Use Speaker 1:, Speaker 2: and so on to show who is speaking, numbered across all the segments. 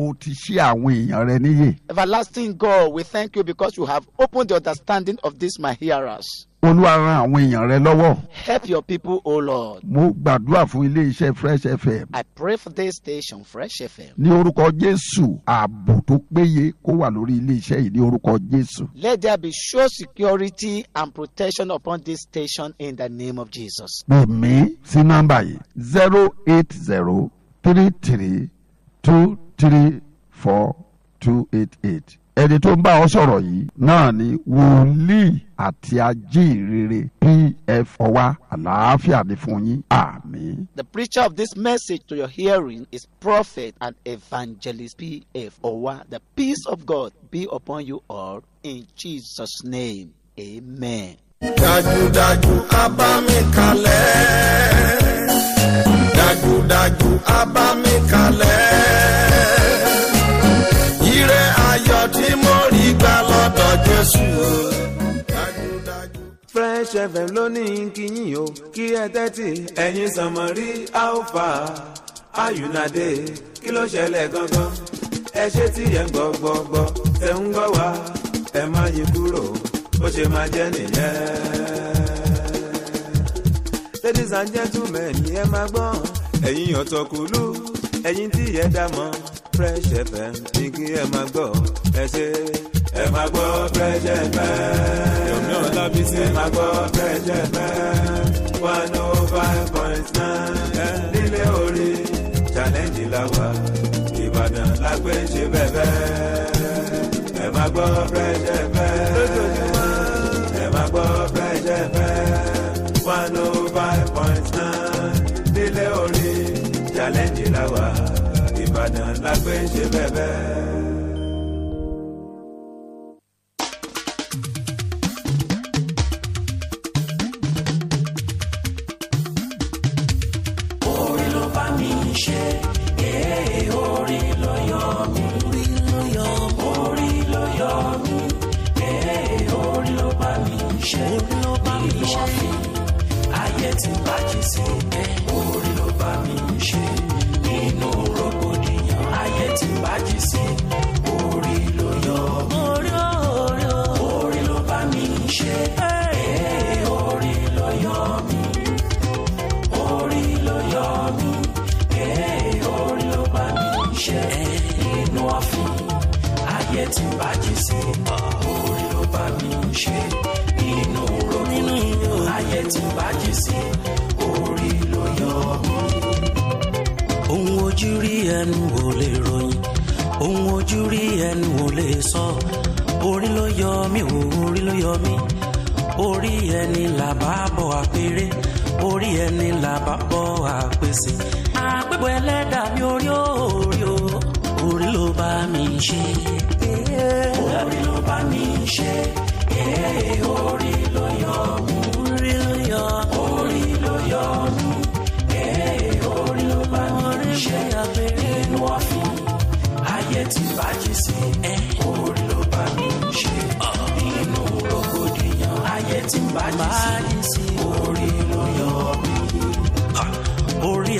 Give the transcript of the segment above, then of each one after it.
Speaker 1: o ti ṣí àwọn èèyàn rẹ níyè.
Speaker 2: everlasting
Speaker 3: God we thank you because you have opened the understanding of this my hearers.
Speaker 4: Olúwa ran àwọn èèyàn rẹ lọ́wọ́.
Speaker 3: Help your people, O Lord.
Speaker 4: Mo gbàdúrà fún ilé-iṣẹ́ Fresh FM.
Speaker 3: I pray for this station Fresh FM.
Speaker 4: Ní orúkọ Jésù, ààbò tó péye kó wà lórí ilé-iṣẹ́ yìí ní orúkọ Jésù.
Speaker 3: Let there be sure security and protection upon this station in the name of Jesus.
Speaker 4: Pè mí sí nọ́mbà yìí zero eight zero three three two three four two eight eight ẹni tó ń bá ọ sọ̀rọ̀ yìí náà ni wòlíì àti ajínrere
Speaker 5: pf ọwa àlàáfíà ni fún yín àmín.
Speaker 3: The preacher of this message to your hearing is prophet and evangelist pf ọwa the peace of God be upon you all in Jesus name amen. dájúdájú
Speaker 6: á bá mi kalẹ̀ dájúdájú
Speaker 7: á bá mi kalẹ̀. lórúkọ Jésù dájúdájú. Fresh FM lónìí kìyìn o kí ẹ tẹ́tì ẹ̀yin sànmọ́rí alpha ayùnádé kí ló ṣẹlẹ̀ gangan ẹ ṣe tí ẹ ń gbọ́ gbọ́ gbọ́ ẹ ń gbọ́ wá ẹ má yí kúrò bó ṣe máa jẹ́ nìyẹn. ladies and gentlemen ni ẹ máa gbọ́n ẹ̀yin ọ̀tọ̀kùlú ẹ̀yin tí ẹ dá mọ́ Fresh FM ní kí ẹ máa gbọ́ ẹ ṣe ẹ máa gbọ́ fẹ́jẹ̀ fẹ́. yomi ọlábísí ẹ máa gbọ́ fẹ́jẹ̀ oh eh. fẹ́. one oh five point nine nílé orí challenge la wà ìbàdàn la gbé ṣe bẹ́ẹ̀ ẹ máa gbọ́ fẹ́jẹ̀ fẹ́. lójoojúmọ́ ẹ máa gbọ́ fẹ́jẹ̀ fẹ́. one oh five point nine nílé orí challenge la wà ìbàdàn la gbé ṣe bẹ́ẹ̀.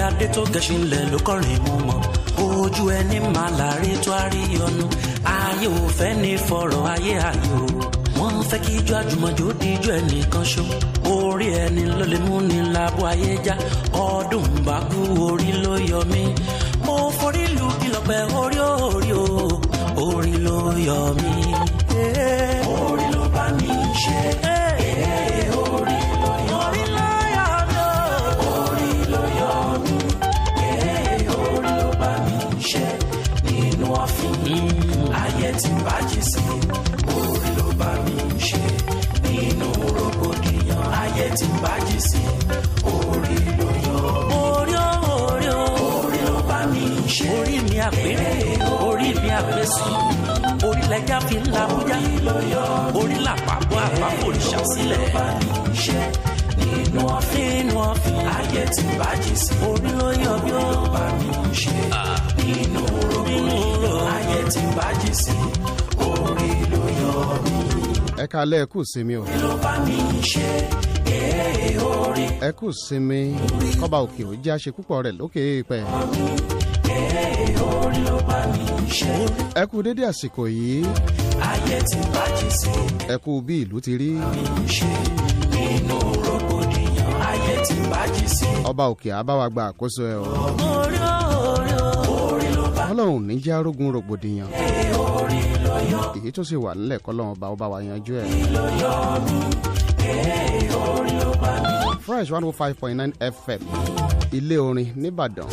Speaker 6: adé tó gẹṣin lẹ̀ ló kọrin mú mọ́ ojú ẹni máa láre tó a rí ọnu ayé ò fẹ́ ní fọ̀rọ̀ ayé ayé o wọ́n fẹ́ kí ijó àjùmọ̀jó di ẹnìkan ṣó orí ẹni ló lè mú ni láàbò ayé já ọdún bá kú orí ló yọ mí mo forí lu ìlọ̀pẹ̀ orí orí o orí ló yọ mí orí ló bá mi ṣe é. tí bá jí sí orí ló bá mi ṣe nínú rògbòdìyàn ayé tí bá jí sí orí ló yọ orí ó orí ó orí ló bá mi ṣe orí mi àpérè orí mi àpèsè orí lẹjà fi ń la bújá orí làpapọ̀ àpapọ̀ òrìṣà sílẹ̀ nínú ọ̀fìn nínú ọ̀fìn ayé tí bá jí sí orí ló yọ bí ó bá mi ṣe ah. nínú tí n bá jì sí orí ló yọ
Speaker 4: mí. ẹ kalẹ́ ẹ kú sinmi o. kí ló
Speaker 6: bá mi ṣe èé
Speaker 4: orí. ẹ kú sinmi kọ́ba òkè ò jẹ́ àṣẹ púpọ̀ rẹ̀ lókè èèpẹ̀. èé orí ló bá mi ṣe. ẹ kú dédé àsìkò yìí. ayé tí bá jì sí. ẹ kú bí ìlú ti rí. àmì ṣe
Speaker 6: nínú rògbòdìyàn ayé tí bá jì sí.
Speaker 4: ọba òkè àbáwá gba àkóso ẹ o.
Speaker 6: ọmọ rẹ̀ o
Speaker 4: ọlọ́run ní já rógun rògbòdìyàn èyí tó sì wà nílẹ̀ kọ́lọ́run ọba ọba wa yanjú ẹ̀. fresh one oh five point nine fm ilé orin nìbàdàn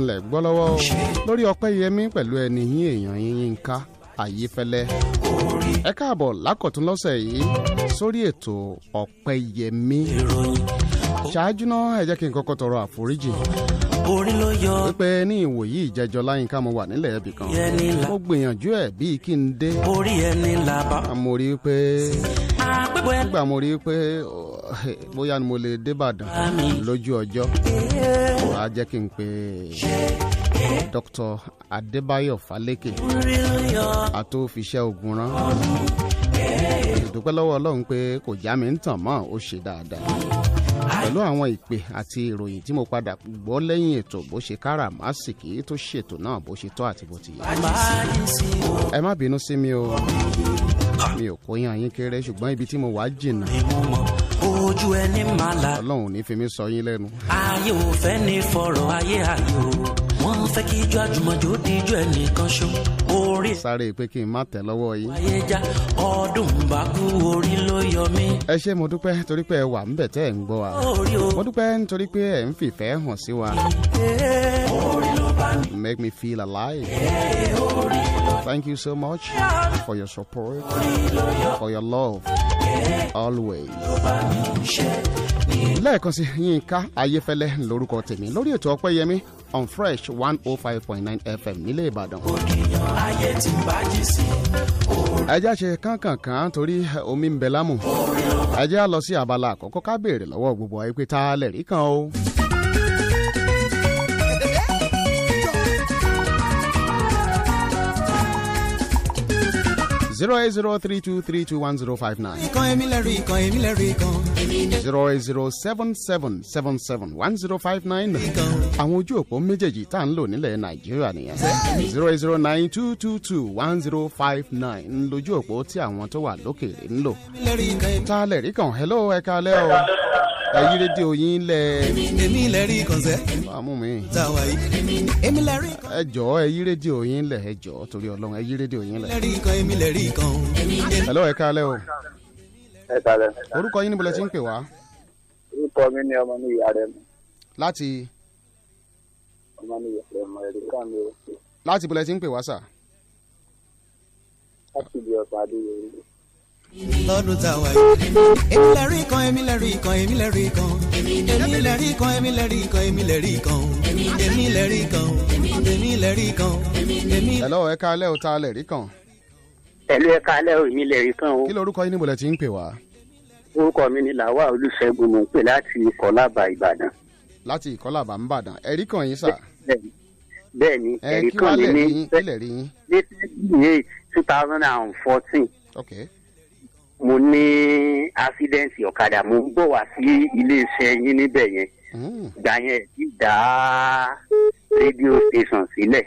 Speaker 4: ńlẹ̀ gbọ́ lọ́wọ́ lórí ọpẹ́ yẹmí pẹ̀lú ẹni yín èèyàn yín yín ká àyífẹ́lẹ́ ẹ káàbọ̀ lákọ̀tún lọ́sẹ̀ yìí sórí ètò ọpẹ́ yẹmí ṣáájú náà ẹ jẹ́ kí n kọ́kọ́ tọrọ àforíjì orí ló yọ. wípé ní ìwòyí ìjẹjọ láyínká mo wà nílẹ̀ ẹbì kan mo gbìyànjú ẹ̀ bíi kí n dé. orí ẹni là bá. àmọ́ rí i pé nígbà mo rí i pé bóyá ni mo lè débàdàn lójú ọjọ́ wàá jẹ́ kí n pe dr adébáyọ̀ falẹ́kẹ̀ àtòfiṣẹ́ ogun rán ìdúpẹ́ lọ́wọ́ ọlọ́run pé kò já mi ń tàn mọ́ ó ṣe dáadáa pẹ̀lú àwọn ìpè àti ìròyìn tí mo padà gbọ́ lẹ́yìn ètò bó ṣe káràmásìkì tó ṣètò náà bó ṣe tọ́ àti bó ti yẹ. ẹ má bínú sí mi o mi ò kóyán yín kéré ṣùgbọ́n ibi tí mo wà jìnnà ojú ẹni máa la. ọlọ́run ní fi mí sọ yín lẹ́nu.
Speaker 6: ayé ò fẹ́ ní fọ̀rọ̀ ayé ayé wọ́n fẹ́ kí ijó àjùmọ̀jò díjọ́ ẹnìkan ṣó
Speaker 4: sáré pé kí n má tẹ̀ lọ́wọ́ yín. ẹ ṣé mo dúpẹ́ torí pé ẹ wà ń tẹ́ ẹ̀ ń gbọ́ wa mo dúpẹ́ nítorí pé ẹ̀ ń fìfẹ́ hàn sí wa. make me feel alive. Thank you so much for your support, for your love, always lẹ́ẹ̀kan sí yínká ayéfẹ́lẹ́ lórúkọ tèmi lórí ètò ọpẹ́yẹmí on fresh one oh five point nine fm nílé ìbàdàn. òkèèyàn
Speaker 6: ayé ti bájì sí
Speaker 4: ẹjẹ́ ṣe kánkànkán torí omi ń bẹ lámù. ẹjẹ́ á lọ sí abala àkọ́kọ́ ká béèrè lọ́wọ́ gbogbo kan o. zero eight zero three two three two one zero five nine.
Speaker 3: ìkan èmi lè ìkan èmi lè
Speaker 4: ìkan. zero eight zero seven seven seven seven one zero five nine. àwọn ojú òpó méjèèjì tá à ń lò nílẹ̀ nàìjíríà nìyẹn. zero eight zero nine two two two one zero five nine ń lójú òpó tí àwọn tó wà lókèèrè ń lò. tá a lè rí kan hello ẹ̀ka alẹ́ o ẹ yí rédíò yín lẹ. èmi lè rí kọ̀ǹsẹ́. àmú mi. tàwa yìí. èmi lè rí kan. ẹ jọ ẹ yí rédíò yín lẹ ẹ jọ torí Ọlọ́run ẹ yí rédíò lẹ. èmi lè rí kan
Speaker 3: èmi lè rí kan.
Speaker 4: hello ẹ káalẹ́ o. ẹ káalẹ́. orúkọ yín ni bọ́lá ti ń pè wá.
Speaker 2: orúkọ mi ni ọmọ ní ìyá rẹ mi. láti. ọmọ ní ìyá rẹ mọ èrè kan mi o.
Speaker 4: láti bọ́lá ti ń pè wá sà.
Speaker 7: láti ibi ọ̀sán
Speaker 2: adéyẹrí. lọ́dún tá a wà yìí. èmi lè kan
Speaker 3: èmi lè rí kan èmi lè rí kan èmi lè rí kan èmi lè rí kan èmi lè rí kan èmi
Speaker 4: lè rí kan èmi lè rí kan èmi. hello ẹ káalẹ́ o ta lè rí kan.
Speaker 2: hello ẹ káalẹ́ o èmi lè kan o. kí orúkọ yín níbo lẹ ti ń pè wá. orúkọ mi ni làwa olùṣègùn mò ń pè láti ìkọlàbà ìbàdàn.
Speaker 4: láti ìkọlàbà ìbàdàn ẹ̀rí kan yín sà.
Speaker 2: bẹ́ẹ̀ ni kan ni ní two thousand and fourteen. mo ní ásídẹ́ǹtì ọ̀kadà mo ń bọ̀ wá sí iléeṣẹ́ yín níbẹ̀ yẹn hmm. gbà yẹn ti dá rédíò station sílẹ̀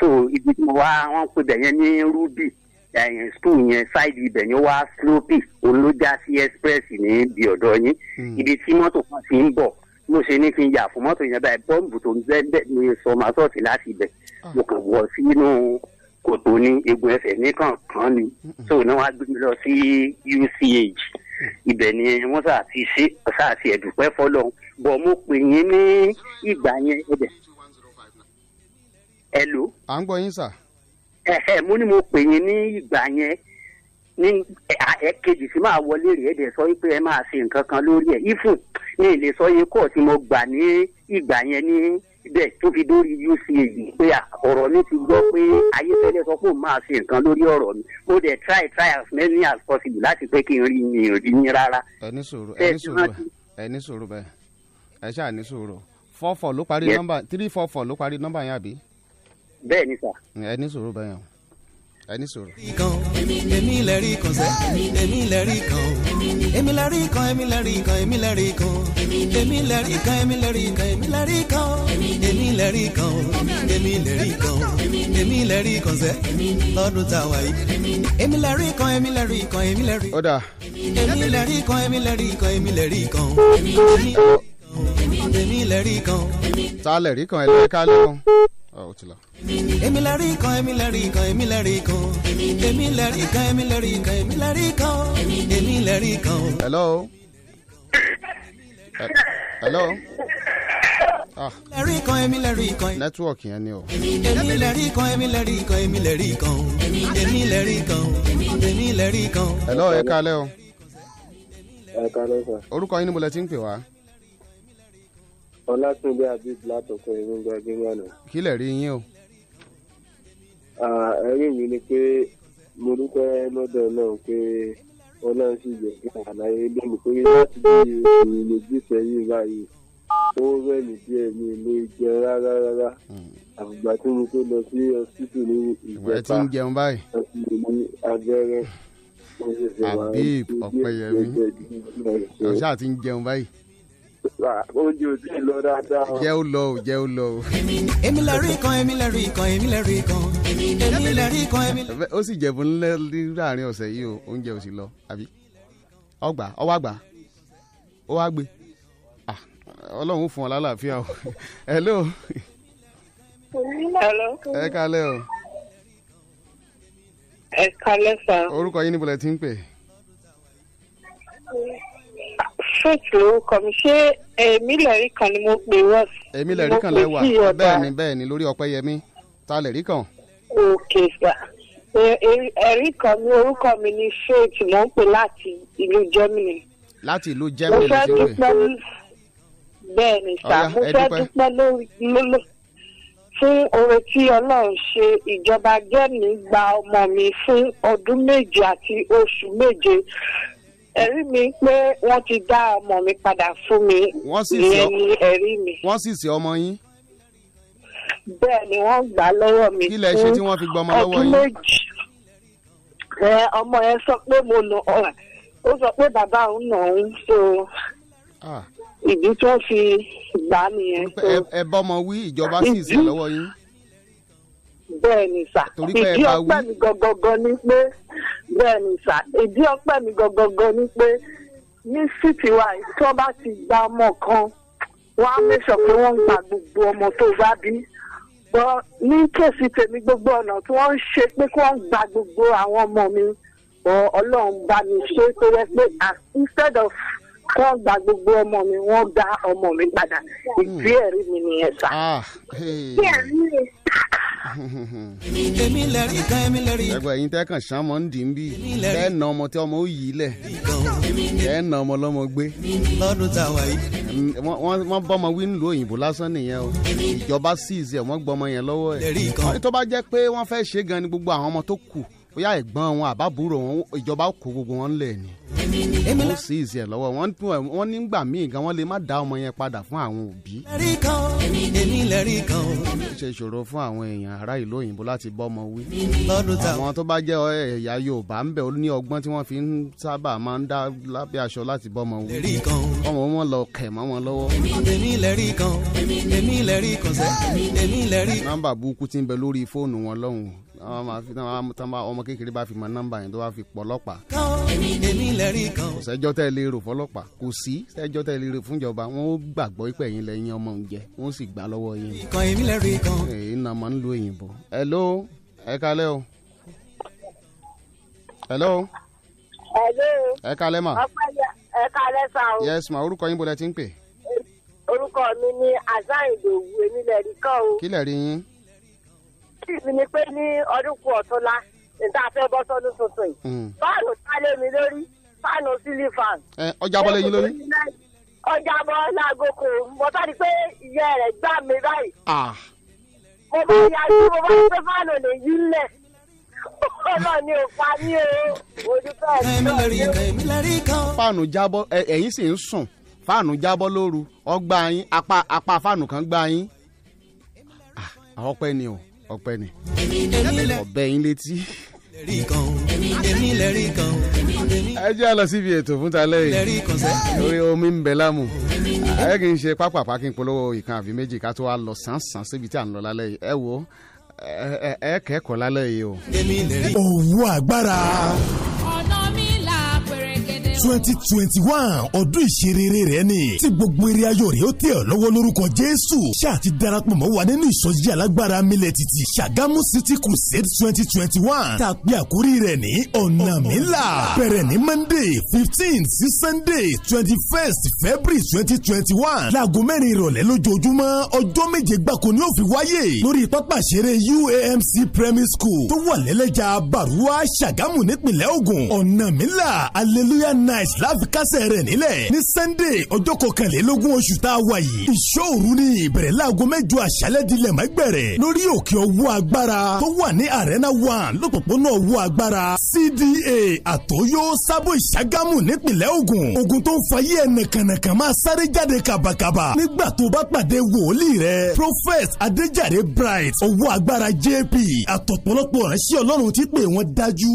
Speaker 2: so ibi tí mo wá wọ́n pè bẹ̀ yẹn ní ruby ẹ̀yìn school yẹn side ibẹ̀ yẹn wá sloppy òun ló express ní bí ọ̀dọ̀ yín hmm. ibi tí mọ́tò kan ti ń bọ̀ mo ṣe ní kí n yà fún mọ́tò yẹn báyìí bọ́ǹbù tó ń bẹ́ẹ̀ ní sọmọ àtọ̀tì láti ibẹ̀ ah. mo kàn wọ̀ sínú kò tó ní egun ẹsẹ̀ nìkan kan ni so náà wàá gbé mi lọ sí UCH ibẹ̀ ni wọ́n sàti ṣe sàti ẹ̀dùpẹ́ fọlọ́ bọ̀ mo pè yín ní ìgbà yẹn ẹ̀dẹ̀ hello. à ń gbọ́ yín sà. ẹ̀hẹ̀ mo ní mo pè yín ní ìgbà yẹn ní ẹ̀ẹ́kejì sí máa wọlé rẹ̀ ẹ̀dẹ̀ sọ pé ẹ máa ṣe nǹkan kan lórí ẹ̀ ifun ní ilé yẹn kọ́ tí mo gbà ní ìgbà yẹn ní síbẹ̀ tó fi dórí ucag pé ọ̀rọ̀ mi ti gbọ́ pé ayéfẹ́lẹ́ sọ pé máa ṣe nǹkan lórí ọ̀rọ̀ mi mo dẹ̀ try try as many as possible láti pé kí n rí mi ò rí mi rárá.
Speaker 4: ẹ ní sòrò ẹ ní sòrò ẹ ní sòrò bẹ́ẹ̀ ẹ ṣáà ní sòrò four four ló parí nọ́mbà three four four ló parí nọ́mbà yẹn àbí. bẹ́ẹ̀ ni sà. ẹ ní sòrò bẹ́ẹ̀ yẹn ẹ ní sòrò. èmi lè kan sẹ́ èmi lè
Speaker 3: kan èmi lẹ́rí kan èmi lẹ́rí kan èmi lẹ́rí kan èmi lẹ́rí kan èmi lẹ́rí kan èmi lẹ́rí kan èmi lẹ́rí kan èmi lẹ́rí kan èmi lẹ́rí kan sẹ́ lọ́dún tá a wà yìí èmi lẹ́rí kan èmi lẹ́rí kan èmi lẹ́rí kan èmi lẹ́rí kan èmi lẹ́rí kan èmi lẹ́rí kan èmi lẹ́rí kan.
Speaker 4: ta lẹ̀rí kan ẹlẹ́ka lẹ́kan
Speaker 3: ó ti la. èmi lè rí kan èmi lè rí kan èmi lè rí kan èmi lè rí kan èmi lè rí kan èmi lè rí kan èmi lè rí kan.
Speaker 4: hello. hello. lẹ́rí kan èmi lẹ́rí kan. nẹ́tíwọ̀kì yẹn ni o. èmi
Speaker 3: lẹ́rí kan èmi lẹ́rí kan èmi lẹ́rí kan èmi
Speaker 7: lẹ́rí kan èmi lẹ́rí kan.
Speaker 4: hello ẹ kálẹ́ o. ẹ kálẹ́ sir. orúkọ yín ni mo lẹ ti ń pè wá
Speaker 7: ọlátúndé abib látọkọ ìrúngbà gbẹngànà.
Speaker 4: kí lè rí yín o.
Speaker 7: ẹ̀rí mi ni pé mo dúpẹ́ lọ́dọ̀ náà pé ọlọ́run sì jẹ́ kí àlàyé lónìí pé láti bí oṣù méjì sẹ́yìn báyìí ó rẹ̀ mí díẹ̀ mi ló jẹ rárá rárá àgbà tí mo tó lọ sí ọsítù ní ìjọba ẹ ti ń jẹun báyìí abẹ́rẹ́ abib ọpẹ́yẹmí ọ̀sá
Speaker 4: ti ń jẹun báyìí
Speaker 7: oúnjẹ ò tí ì lọ dáadáa. jẹ́
Speaker 4: ó lọ o jẹ́ ó lọ o.
Speaker 3: èmi lè rí kan èmi lè rí kan èmi lè rí kan èmi lè rí kan èmi
Speaker 4: lè. ó sì jẹ̀bù ńlẹ́ láàrin ọ̀sẹ̀ yìí o oúnjẹ ò sì lọ àbí ọgbà ọwọ́ àgbà ó wá gbé ah, ọlọ́run fún ọ lálàáfíà o hello.
Speaker 1: hello. ẹ kalẹ́ o.
Speaker 4: ẹ kalẹ́ sá. orúkọ yín níbo lẹ ti ń pè é
Speaker 1: straight lórúkọ mi ṣé èmi lẹ́rí kan ni mo pè wọ́n sí. èmi lẹ́rí kan lẹ́wà bẹ́ẹ̀
Speaker 4: ni bẹ́ẹ̀ ni lórí Ọpẹ́yẹmí ta lẹ́rí kan.
Speaker 1: òkè sà ẹ̀rí kan mi orúkọ mi ni faith mo ń pè láti ìlú Germany. láti ìlú
Speaker 4: Germany ló ti wè.
Speaker 1: bẹ́ẹ̀ ni sà mo fẹ́ dúpẹ́ lórí fún oore tí ọlọ́run ṣe ìjọba Germany gba ọmọ mi fún ọdún méje àti oṣù méje ẹ̀rí mi pé wọ́n ti dá ọmọ mi padà fún mi ìyẹn ni ẹ̀rí mi.
Speaker 4: wọ́n sì sí ọmọ yín.
Speaker 1: bẹ́ẹ̀ ni wọ́n gbà lọ́wọ́ mi fún ọdún méjì. ọmọ yẹn sọ pé mo nà ọ̀rẹ́ sọ pé bàbá òun nà òun so ah. ìdí tó fi gbà nìyẹn. ẹ bọ́mọ wí ìjọba sì sí lọ́wọ́ yín bẹ́ẹ̀ ni sà ìdí ọpẹ́ mi gangan ni pé bẹ́ẹ̀ ni sà ìdí ọpẹ́ mi gangan ni pé ní city wa tí wọ́n bá ti gba ọmọ kan wọ́n á mẹ́sàn pé wọ́n gba gbogbo ọmọ tó bá bí gbọ́ ní kéèsì tèmi gbogbo ọ̀nà tí wọ́n ń ṣe pé kí wọ́n gba gbogbo àwọn ọmọ mi ọlọ́run bá mi ṣe tó yẹ pé instead of wọ́n gba gbogbo ọmọ mi wọ́n gba ọmọ mi padà hmm. ìgbé ẹ̀rí mi nìyẹn sà. Ah, èmi lẹ́rìí kan èmi lẹ́rìí. ẹgbẹ́ yín tẹ́kàn
Speaker 4: sánmọ́ ń dì í bí bẹ́ẹ̀ na ọmọ tí ọmọ ó yí lẹ̀ bẹ́ẹ̀ na ọmọ lọ́mọ gbé. lọ́dún tá a wà yìí. Mm, wọ́n bọ́mọ wí ń lo òyìnbó lásán nìyẹn o ìjọba sì ìsẹ̀ wọ́n gbọ́mọ yẹn lọ́wọ́ ẹ̀. tó bá jẹ́ pé wọ́n fẹ́ ṣe gan ni gbogbo àwọn ọmọ tó kù bóyá ẹ̀gbọ́n wọn àbábúrò wọn ìjọba kó gbogbo wọn lẹ̀ ni. wọ́n sì ìsì ẹ̀ lọ́wọ́ wọ́n nígbà míì gan wọ́n lè má dá ọmọ yẹn padà fún àwọn òbí. ó ṣe ìṣòro fún àwọn èèyàn ará ìlú òyìnbó láti bọ́mọ wí. àwọn tó bá jẹ́ ẹ̀yà Yorùbá ń bẹ̀ ó ní ọgbọ́n tí wọ́n fi ń sábà máa ń dá lábẹ́ aṣọ láti bọ́mọ wí. ọmọ wọn lọ kẹ̀ mọ́ wọn lọ́wọ́. nọ́mbà burúkú ti ń bẹ lórí fóònù wọn lọ́hùn-ún tán bá ọmọ kékeré bá fi mọ nọ́mbà yẹn tó bá fi pọ̀ ọlọ́pàá.
Speaker 3: èmi lẹ́rìí kan. kò
Speaker 4: sẹ́jọ́ tẹ́ lè rò fọlọ́pàá kò sí sẹ́jọ́ tẹ́ lè rò fúnjọba wọ́n ó gbàgbọ́ ipẹ̀ yín lẹ́yìn ọmọ ń jẹ wọ́n sì gbà lọ́wọ́ yín. ìkan èmi lẹ́rìí kan. èyí nà máa ń lo òyìnbó. hello ẹ kalẹ́ o. hello.
Speaker 1: hello. ẹ kalẹ́ ma. ẹ kalẹ́ sa o. yes
Speaker 4: ma orúkọ yín bó lẹ ti ń pè.
Speaker 1: orúkọ mi ni azayin lòwú èmi lẹ́rìí o. kí kíìsì ni pé ní ọdún kù ọ̀túnla níta fẹ́ bọ́ sọ́dún tuntun yìí mm. fáànù sálé mi lórí fáànù sílí fan. ọjà bọ́ lẹ́yìn lórí. ọjà bọ́ láago kò mọ sáré pé ìyá rẹ̀ gbá báyìí. mo bá yájú mo bá yí fáànù lè yí lẹ̀ o
Speaker 4: fáànù jábọ́ ẹ̀yìn sì ń sùn fáànù jábọ́ lóru ọpẹ́ ni ọbẹ̀ yín létí. ẹ jẹ́ àlọ́ síbi ètò fún talẹ́ yìí lórí omi ń bẹ lámù ẹ kì í ṣe pápápá kí n polówó ìkan àbí méjì ká tó wá lọ sánsan síbi tí à ń lọ lálẹ́ yìí ẹ wo ẹ kẹ́kọ̀ọ́ lálẹ́ yìí o. owó agbára
Speaker 6: twenty
Speaker 8: twenty one ọdún ìṣerere rẹ ni tí gbogbo eré ayọ̀ rẹ̀ ó tẹ̀ ọ́ lọ́wọ́ lórúkọ Jésù ṣáà darapọ̀ mọ́ wa nínú ìsọjí alágbára milẹ̀ títì Ṣàgámù City Crusade twenty twenty one tá a pè àkórí rẹ̀ ní ọ̀nà mílà bẹ̀rẹ̀ ní Monday fifteen sí Sunday twenty first February twenty twenty one láago mẹ́rin ìrọ̀lẹ́ lójoojúmọ́ ọjọ́ méje gbáko ni ó fi wáyé lórí pápá ìṣeré UAMC Primary School tó wà lẹ́lẹ́jà Bàrúwá Ṣàgámù nípìnlẹ̀ Ògùn ọ̀nà mílà hallelujah night láfi kásẹ̀ rẹ̀ nílẹ̀ ní sunday ọjọ́ kọkànlélógún oṣù tá a wà yìí ìṣòru ni ìbẹ̀rẹ̀ láago mẹ́jọ àṣálẹ́ di lẹ́mọ̀gbẹ̀rẹ̀ lórí òkè ọwọ́ agbára tó wà ní arena one lọ́pọ̀pọ̀nà ọwọ́ agbára cda àtọ́yọ́ sábò ìṣàgámù nípìnlẹ̀ Ògùn Ògùn tó ń fayé ẹnìkànnìkàn máa sáré jáde kàbàkàbà nígbà tó bá pàdé wòlíì rẹ̀ prophet adéjàre bright ọwọ́ agbára jp àtọ̀pọ̀lọpọ̀ ránṣẹ́ ọlọ́run ti pè wọ́n dájú.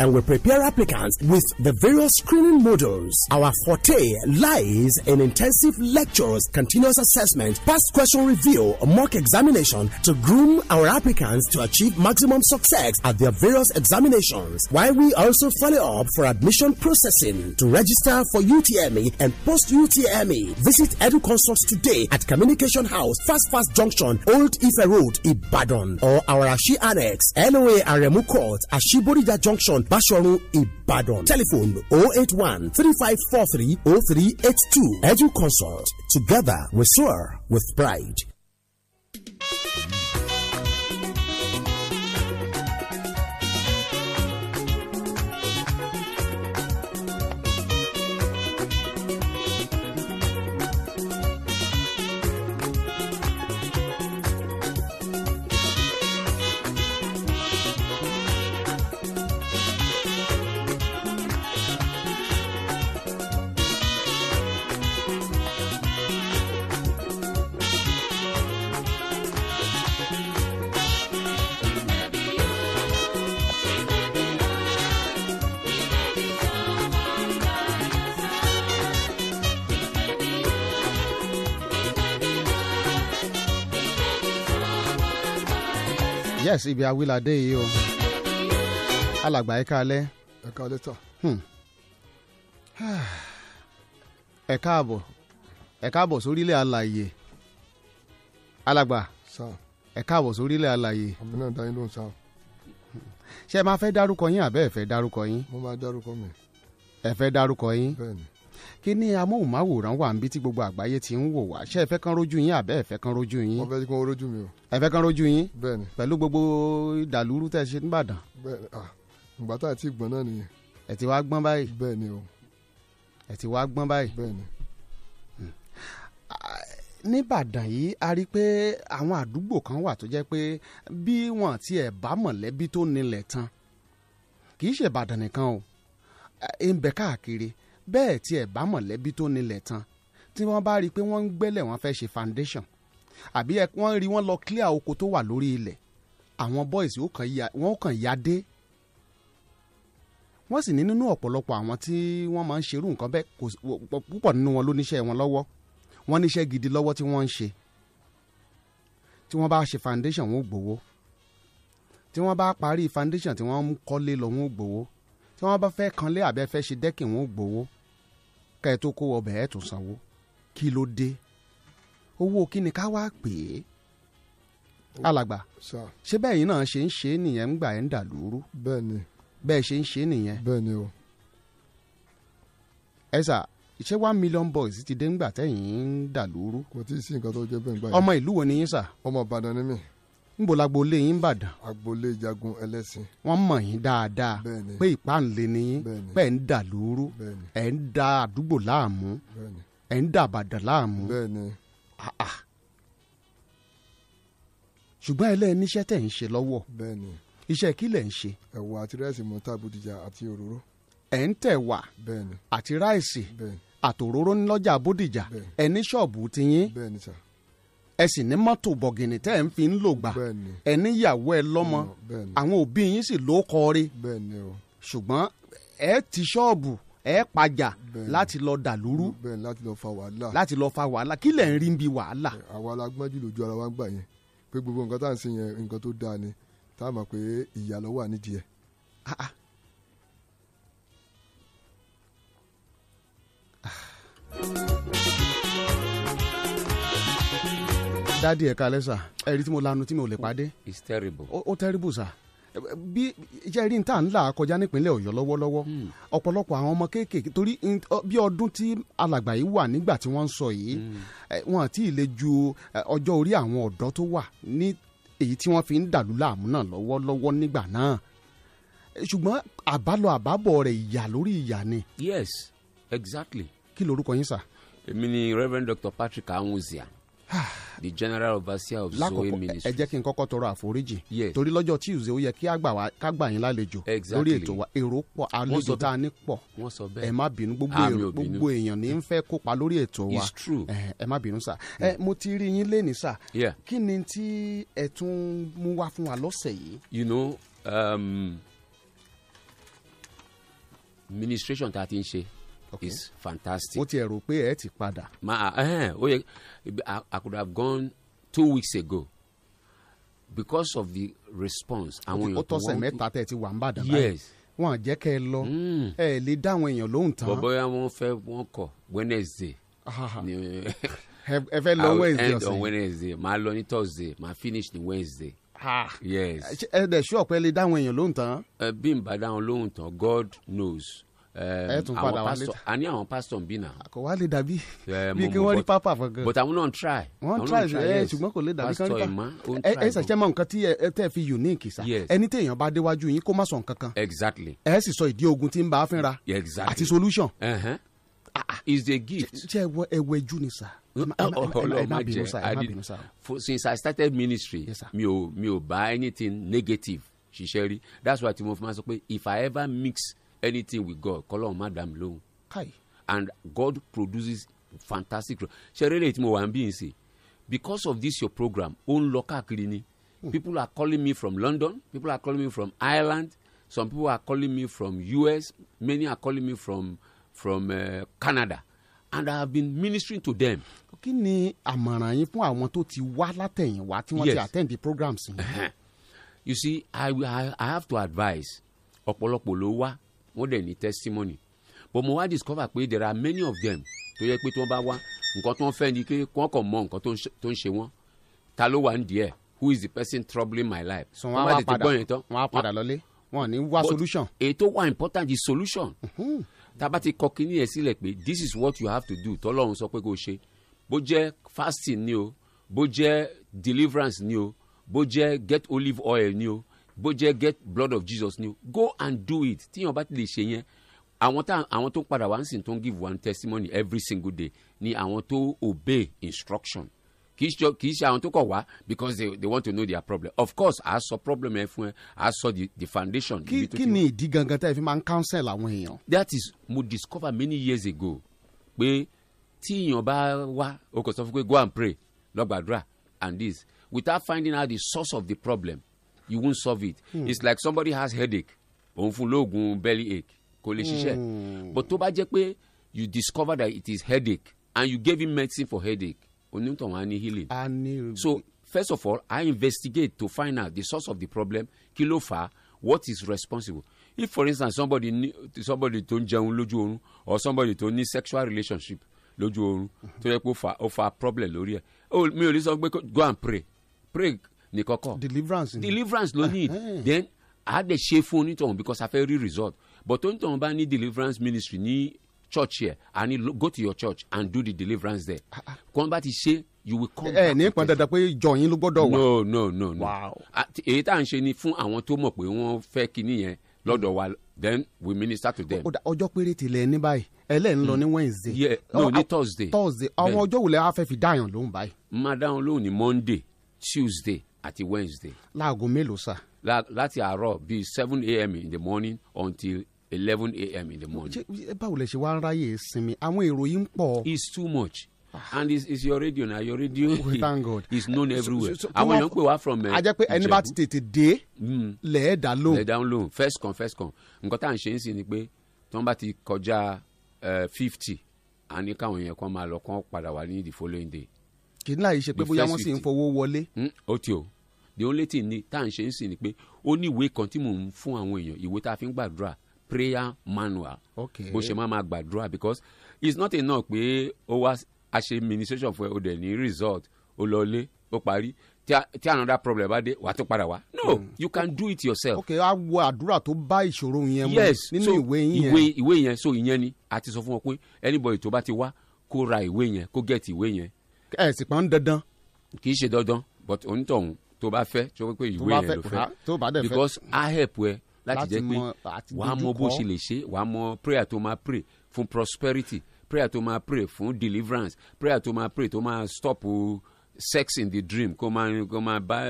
Speaker 8: and we prepare applicants with the various screening modules. Our forte lies in intensive lectures, continuous assessment, past question review, mock examination to groom our applicants to achieve maximum success at their various examinations. While we also follow up for admission processing to register for UTME and post UTME, visit EduConsults today at Communication House, Fast Fast Junction, Old Ife Road, Ibadan, or our Ashi Annex, NOA Aremu Court, Ashibodija Junction, Basharun Ibadan. Telephone oh oh three eight two. Edu Consult. Together we soar with pride.
Speaker 4: yes ibi awilade yìí o alàgbà ẹ̀ka alẹ́. ẹ̀ka alẹ́ tà. Hmm. ẹ̀ka àbọ̀ ẹ̀ka àbọ̀ sórílẹ̀ alàyè alàgbà ẹ̀ka àbọ̀ sórílẹ̀ alàyè. àmì náà dání ló ń sá. ṣé ẹ máa fẹ́ dárúkọ yín àbẹ́ ẹ fẹ́ dárúkọ yín. mo máa yín kíní amóhùnmáwòrán wà níbi tí gbogbo àgbáyé ti ń wò wá ṣé ẹ fẹ́ kán rójú yín àbẹ́ ẹ fẹ́ kán rójú yín. wọ́n fẹ́ kán rójú mi o. ẹ fẹ́ kán rójú yín. bẹ́ẹ̀ni. pẹ̀lú gbogbo ìdàlúrú tẹ́ ṣe nìbàdàn. bẹ́ẹ̀ni ah ìgbà tá a ti gbọ́n náà nìyẹn. ẹ ti wá gbọ́n báyìí. bẹ́ẹ̀ni o. ẹ ti wá gbọ́n báyìí. bẹ́ẹ̀ni. Hmm. nìbàdàn yìí a rí i pé àwọn àdúgbò kan wà tó jẹ́ pé bí wọ́n tiẹ̀ bá mọ̀lẹ́bí tó nílẹ̀ tán kì í ṣèbàdàn nìkan o ń bẹ káàkiri bẹ́ẹ̀ tí ẹ̀ bá mọ̀lẹ́bí tó nílẹ̀ tán tí wọ́n bá rí i pé wọ́n ń gbẹ́lẹ̀ wọ́n fẹ́ ṣe foundation àbí wọ́n rí wọ́n lọ clear oko tó wà lórí ilẹ̀ àwọn boys wọ́n kàn ya dé wọ́n sì ní nínú ọ̀pọ̀lọpọ̀ àwọn tí wọ́n máa ń ṣerú nǹkan bẹ́ẹ̀ púpọ̀ nínú wọn ló níṣẹ́ wọn lọ́wọ́ wọ́n níṣẹ́ gidi lọ́wọ́ tí wọ́n ń ṣe tí wọ́n bá ṣe foundation wọn ò gbowó tí wọ́n bá parí foundation tí wọ́n ń kọ́lé lọ wọn ò gbowó tí wọ́n bá fẹ́ kanlé àbẹ́fẹ́ ṣe dẹ́kìn wọn ò gbowó kẹ́ ẹ tó kó ọbẹ̀ ẹ̀ tún sanwó kí ló dé owó kí ni ká wá pè é oh, alàgbà ṣé bẹ́ẹ̀ yín náà ṣe ń ṣe nìyẹn ń ni ṣe ń ṣe nìyẹn ni o. ẹ sà one million boys ti dé ńgbà tẹ́yìn ń dà lóru. kò tí ì sí ọmọ ìlú wo ni yín sà. ọmọ Ìbàdàn ni mí. nbò lágboolé yín bàdàn. agboolé jagun ẹlẹ́sìn. wọ́n mọ̀ yín dáadáa pé ìpàǹlẹ̀ ni yín bẹ́ẹ̀ ń dà lóru ẹ̀ ń da àdúgbò láàmú ẹ̀ ń da àbàdàn láàmú. ṣùgbọ́n ẹlẹ́yìn níṣẹ́ tẹ̀ ń ṣe lọ́wọ́ iṣẹ́ kí lẹ̀ ń ṣe. ẹ̀wà àti ráìsì mọ́tà bódìjà àti òróró. ẹ̀ ń tẹ̀wà àti ráìsì àtòróró ńlọ́jà bódìjà ẹ̀ ní ṣọ́ọ̀bù tiyín. bẹ́ẹ̀ ni sà ẹ sì ní mọ́tò bọ̀gìnì tẹ́ ẹ̀ ń fi ń lò gbà ẹ níyàwó ẹ lọ́mọ mm, àwọn òbí yín sì ló kọrí ṣùgbọ́n ẹ ti ṣọ́ọ̀bù ẹ pàjà láti lọ dà mm, láti lọ fa wàhálà kí lẹ̀ ń rí bí wàhálà. àwa la gbọ́njú
Speaker 5: lójú ara wa ń gbà yẹn pé gbogbo nǹkan tá à ń ṣe yẹn nǹkan tó dáa ni tá mọ̀ pé ìyá ló ẹ̀ ah, ah.
Speaker 4: dádì ẹ̀ka lẹ́sà ẹ̀rí tí mo lanu tí mi ò lè oh, pàdé. it's terrible. ó terrible sà bí jẹ́ rí níta ńlá kọjá nípínlẹ̀ ọ̀yọ́ lọ́wọ́lọ́wọ́ hmm. ọ̀pọ̀lọpọ̀ àwọn ọmọ kéékèèké torí bí ọdún tí alàgbà yìí wà nígbà tí wọ́n ń sọ yìí hmm. wọn àti ìle ju ọjọ́ orí àwọn ọ̀dọ́ tó wà ní èyí tí wọ́n fi ń dàlú láàmú náà lọ́wọ́lọ́wọ́ nígbà náà ṣùgbọ́n àbálọ àbábọ̀ rẹ̀ ìyà lórí ìyà ni.
Speaker 9: yes exactly. kí lorúkọ yín sà. èmi ni reverend dr patrick awunzia the general overseer of Zoe ministry. ẹ
Speaker 4: jẹ́ kí n kọ́kọ́ tọrọ àforíjì. yes torí lọ́jọ́ tuesday ó yẹ kí àgbà wa ká gbà yín lálejò. exactly lórí ètò wa èrò pọ̀ àlejò tá a ní pọ̀. wọ́n sọ bẹ́ẹ̀ ẹ má bínú gbogbo èrò gbogbo èèyàn ní ń fẹ́ kópa lórí ètò wa. it's true ẹ má bínú sà. Mm. ẹ mo ti rí yín lénìí sà. kí ni tí ẹ tún mú wá fún wa lọ́sẹ̀ yìí.
Speaker 9: you know um, administration tá a ti ń ṣe okay. is fantastic. ó ti ẹ̀ rò pé ẹ ti padà. ma ẹ eh, ó yẹ I could have gone two weeks ago because of the response. àwọn èèyàn tó wọ́n ó tọ́sẹ̀ mẹ́ta
Speaker 4: tẹ̀ ti wà ń bàdàn báyìí. yes wọn jẹ́ kẹ́ ẹ lọ hmm. ẹ lè dá àwọn èèyàn lóhùn tán. bọ́bọ́yá
Speaker 9: wọ́n fẹ́ wọ́n kọ̀ Wednesday. Eh, ẹ fẹ́ lọ Wednesday ọ̀sẹ̀. I will end on Wednesday màá lọ ní Thursday màá finish ní Wednesday. Ah. yes.
Speaker 4: ẹ dẹ̀ sọ pé lè dá àwọn èèyàn lóhùn tán.
Speaker 9: Eh, bí n bá dá wọn lóhùn tán God knows ẹ tún padà wálé a ní àwọn pásítọ̀ bí na.
Speaker 4: kò wá dàbí
Speaker 9: bí kí wọ́n rí pápá fún gan. but I will not try. wọ́n ń try ẹ ṣùgbọ́n kò lè dàbí kan rí pa ẹ ẹ
Speaker 4: ṣàṣẹ mọ nǹkan tí ẹ tẹ́ fi unique sa ẹni tí bá déwájú yín kó má sọ nǹkan kan exactly ẹ sì sọ ìdí ogun tí ń bá a fínra exactly àti solution.
Speaker 9: Uh-huh. Ah, ah. is a gift.
Speaker 4: ṣe ẹwọ ẹwọ ni sa. ọlọmọ
Speaker 9: since i started ministry yes, mi ò mi ò bá anything negative ṣiṣẹ́ rí that's why tí mo sọ pé if i ever mix anything with God kọ́lọ́run má dá mi lóhùn and God produces fantastic ṣeré lè tí mo wà ń bí n sè because of this your program ó ń lọ káàkiri ni hmm. people are calling me from London people are calling me from Ireland some people are calling me from US many are calling me from from uh, Canada and I have been ministering to them. kí ni àmọ̀ràn yín fún àwọn tó ti wá látẹ̀yìnwá tí wọ́n ti attend the programs. you see I, I, I have to advise ọ̀pọ̀lọpọ̀ ló wá wọ́n dẹ̀ testimony but mo wá discover pé there are many of them tó yẹ pé tí wọ́n bá wá nǹkan tó ń fẹ́ ni pé wọ́n kàn mọ nǹkan tó ń ṣe wọ́n ta ló wà ń díẹ̀ who is the person troubling my life. sọ wọn á padà wọn á padà lọlé wọn ní wá solution. èyí tó wà important is solution. Hmm. Taba ti kọ kíní ẹ sílẹ̀ pé this is what you have to do tọ́lọ́run sọ pé kó o ṣe bó jẹ́ fasting ni o bó jẹ́ deliverance ni o bó jẹ́ get olive oil ni o bó jẹ́ get blood of Jesus new. go and do it tíyan bá ti lè ṣe yẹn àwọn tá àwọn tó ń padà wá ń sìn tó ń give one testimony every single day ni àwọn tó obey instruction kì í ṣe àwọn tó kọ̀ wá because they, they want to know their problem of course à á sọ problem ẹ fún ẹ à sọ the the foundation. kí kí ni ìdí gangan tá ẹ fi máa ń counsel àwọn èèyàn. that is mo discover many years ago pé tí èèyàn bá wá o kò sọ fún pé go and pray lọ gbàdúrà and this without finding out the source of the problem you won't solve it mm. it's like somebody has headache òun fún lóògùn belly ache kò lè ṣiṣẹ́ hmm. but tó bá jẹ́ pé you discover that it is headache and you gave him medicine for headache onítọ̀hún á ní healing so first of all i investigate to find out the source of the problem kí ló fà á what is responsible if for instance somebody ni somebody tó ń jẹun lójú oorun or somebody tó ní sexual relationship lójú oorun tó yẹ kó fa ó fa problem lórí ẹ oh, mi ò lè sọ pé go and pray pray ní kọ́kọ́ deliverance deliverance ló need. then a dẹ̀ ṣe fún onítọ̀hún because a fẹ́ rí result but onítọ̀hún bá ní deliverance ministry ní church here, I need go to your church and do the deliverance there ah, ah. kọ́n bá ti ṣe you will come eh, back. ẹ ní ìpọn dandan pé jọyìn ló gbọ́dọ̀ wà. no no no no Wow. èyí tá à ń ṣe ni fún àwọn tó mọ̀ pé wọ́n fẹ́ kinní yẹn lọ́dọ̀ wa then we minister to them.
Speaker 4: ọjọ́ péréte lẹ ní báyìí ẹlẹ́ ń lọ ní
Speaker 9: hmm. wednesday. yẹ no oh, ní thursday. thursday àwọn ọjọ́
Speaker 4: wo lẹ wá fẹ́ fi dáhùn lóhùn báyìí.
Speaker 9: máa dáhùn lóhùn ní monday tuesday àti wednesday.
Speaker 4: láago mélòó sà.
Speaker 9: láti àárọ̀ bíi seven a.m. in the morning until eleven a.m. in the morning.
Speaker 4: báwo lè ṣe wá ń ráyè sinmi àwọn ìròyìn pọ̀. it's too much
Speaker 9: ah. and it's, it's your radio na your radio oh, thank God is known everywhere àwọn èèyàn ń pè wá from. Eh, a jẹ́ pé ẹni bá ti tètè dé hmm. lẹ́ẹ̀ dá lóhùn. lẹ́ẹ̀ dá lóhùn first come first come nǹkan tá à ń ṣe ń sìn ni pé tí wọ́n bá ti kọjá eh, fifty a ní káwọn yẹn kàn máa lọ kàn padà wá ní the following day
Speaker 4: kì í láì ṣe pé bóyá wọ́n sì ń fowó
Speaker 9: wọlé. Hmm, ó ti o the only thing ni tá à ń ṣe ń sìn ni pé ó ní ìwé kan tí mò ń fún àwọn èèyàn ìwé tá a fi ń gbàdúrà prayer manual bó ṣe máa máa gbàdúrà because it's not enough pé ó wá a ṣe ministration fún ẹ o dẹ̀ ní result ó lọ lé ó parí tí another problem bá dé wàá tún padà wá. no mm. you can do it yourself. ok a wo
Speaker 4: àdúrà tó bá ìṣòro yẹn mu yes nínú ìwé yẹn ìwé
Speaker 9: ìwé yẹn so ìyẹn ni a ti sọ fún wọn pé anybody tó bá ti wá kó ra ìwé yẹn kó get ìwé yẹn
Speaker 4: ẹ sì pọn dandan.
Speaker 9: kì í ṣe dandan but onítọ̀hún tó bá fẹ́ tó pé ìwé ẹ̀ ló fẹ́ tó bá dẹ̀ fẹ́ because a help ẹ láti jẹ́ pé wàá mọ bó ṣe lè ṣe wàá mọ prayer tó máa pray fún prosperity prayer tó máa pray fún deliverance prayer tó máa pray tó máa stop o sex in the dream kó máa kó máa bá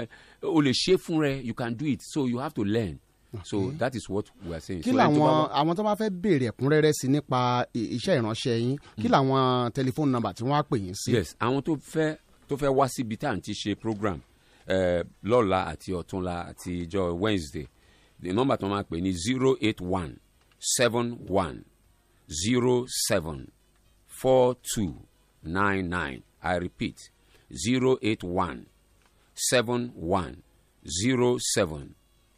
Speaker 9: o lè ṣe fún rẹ you can do it so you have to learn so that is what we are saying. kí làwọn
Speaker 4: àwọn tó bá fẹ́ béèrè ẹ̀kúnrẹ́rẹ́ sí nípa iṣẹ́ ìránṣẹ́ yín kí hmm. làwọn tẹlifóònù nọ́mbà tí wọ́n á pè yín sí. yes
Speaker 9: àwọn tó fẹ́ tó fẹ́ wá síbi tá à ń ti ṣe program uh, lọ́la àti ọ̀túnla àti ìjọ wednesday the number tó máa pè ní zero eight one seven one zero seven four two nine nine i repeat zero eight one seven one zero seven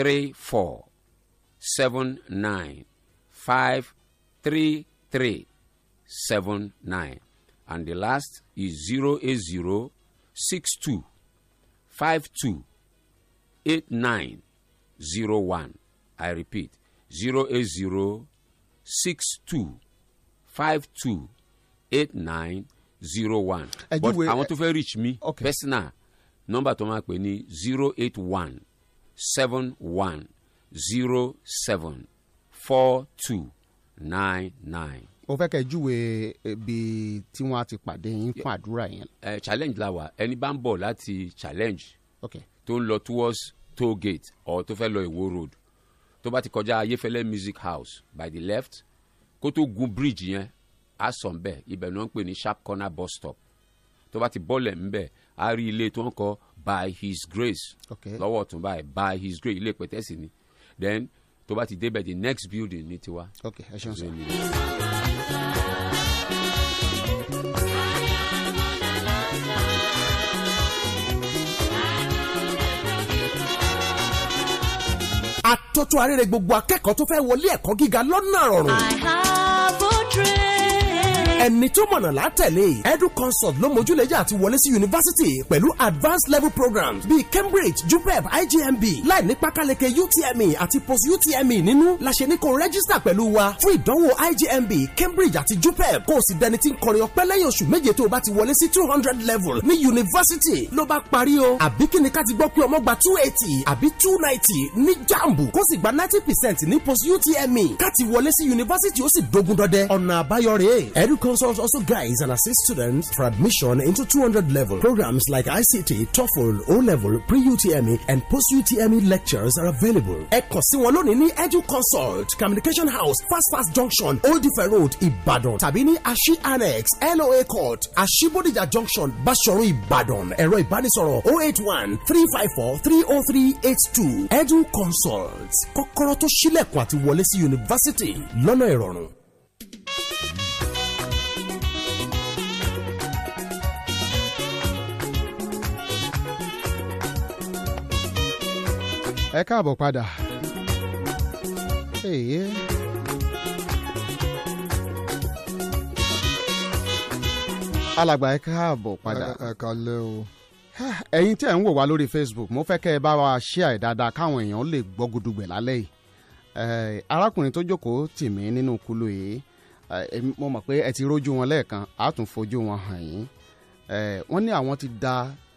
Speaker 9: three four seven nine five three three seven nine and the last is zero eight zero six two five two eight nine zero one i repeat zero eight zero six two five two eight nine zero one but I want to fẹ́ reach me okay. personal number to máa pè ní zero eight one seven one zero seven four two nine nine.
Speaker 4: mo fẹ́ kẹ́ júwe ibi tí wọ́n á ti pàdé yín fún
Speaker 9: àdúrà yẹn. ẹ challenge la wa ẹni bá ń bọ̀ láti challenge okay. tó ń lọ towards toll gate or tó fẹ́ lọ Ìwó road tó bá ti kọjá Ayéfẹ́lẹ́ music house by the left kó tó gun bridge yẹn á sàn bẹ́ẹ̀ ibẹ̀ ni wọ́n ń pè ní sharp corner bus stop tó bá ti bọ́lẹ̀ ńbẹ̀ á rí ilé tó ń kọ́ by his grace okay. lọ́wọ́ ọ̀tún báyìí by his grace ilé pẹ̀tẹ́sì ni then tó bá ti débẹ̀ the next building ní tiwa. ok ẹ ṣeun sọ.
Speaker 8: àtótó arére gbogbo akẹ́kọ̀ọ́ tó fẹ́ wọlé ẹ̀kọ́ gíga lọ́nà rọrùn ẹni tó mọ̀nà látẹ̀lé educonsult ló mójúlẹ̀jà àti wọlé sí yunifásitì pẹ̀lú advanced level programs bíi Cambridge JUPEB IJMB láì ní pákáleke UTME àti post UTME nínú la ṣe ní kó rẹ́gísítà pẹ̀lú wa fún ìdánwò igmb Cambridge àti JUPEB kó o sì dẹni tí ń kọrin ọpẹ́ lẹ́yìn oṣù méje tó o bá ti wọlé sí two hundred level ní yunifásitì ló bá parí o àbí kí ni ká ti gbọ́ pé ọmọ gba two eighty àbí two ninety ní jambu kó sì gba ninety percent ní post UTME ká ti wọlé sí yunifásitì ó sì dogun dọdẹ ọ̀nà àbáyọ rèé consult also guides and assists students for admission into 200 level. Programs like ICT, TOEFL, O level, pre UTME, and post UTME lectures are available. Ẹ kàn sí Edu Consult, Communication House, Fast Fast Junction, Old Ife Road, Ibadan. Tabini Ashi Annex, LOA Court, Ashibodija Junction, Basoro, Ibadan. Ẹ̀rọ ìbánisọ̀rọ̀ 081 354 30382. Edu Consult, Kokoroto tó ṣílẹ̀kùn àti wọlé sí yunifásítì lọ́nà
Speaker 4: ẹ káàbọ̀ padà. Hey, yeah. alàgbà ẹ káàbọ̀ padà. ẹ kalẹ́ o. ẹ̀yin tí ẹ ń wò wá lórí Facebook mo fẹ́ kẹ́ ẹ bá wa share dáadáa káwọn èèyàn lè gbọ́ gudugbẹ̀ lálẹ́ yìí. arákùnrin tó jókòó tì mí nínú kulu yìí mo mọ̀ pé ẹ ti rójú wọn lẹ́ẹ̀kan á tún fojú wọn hàn yín. wọ́n ní àwọn ti da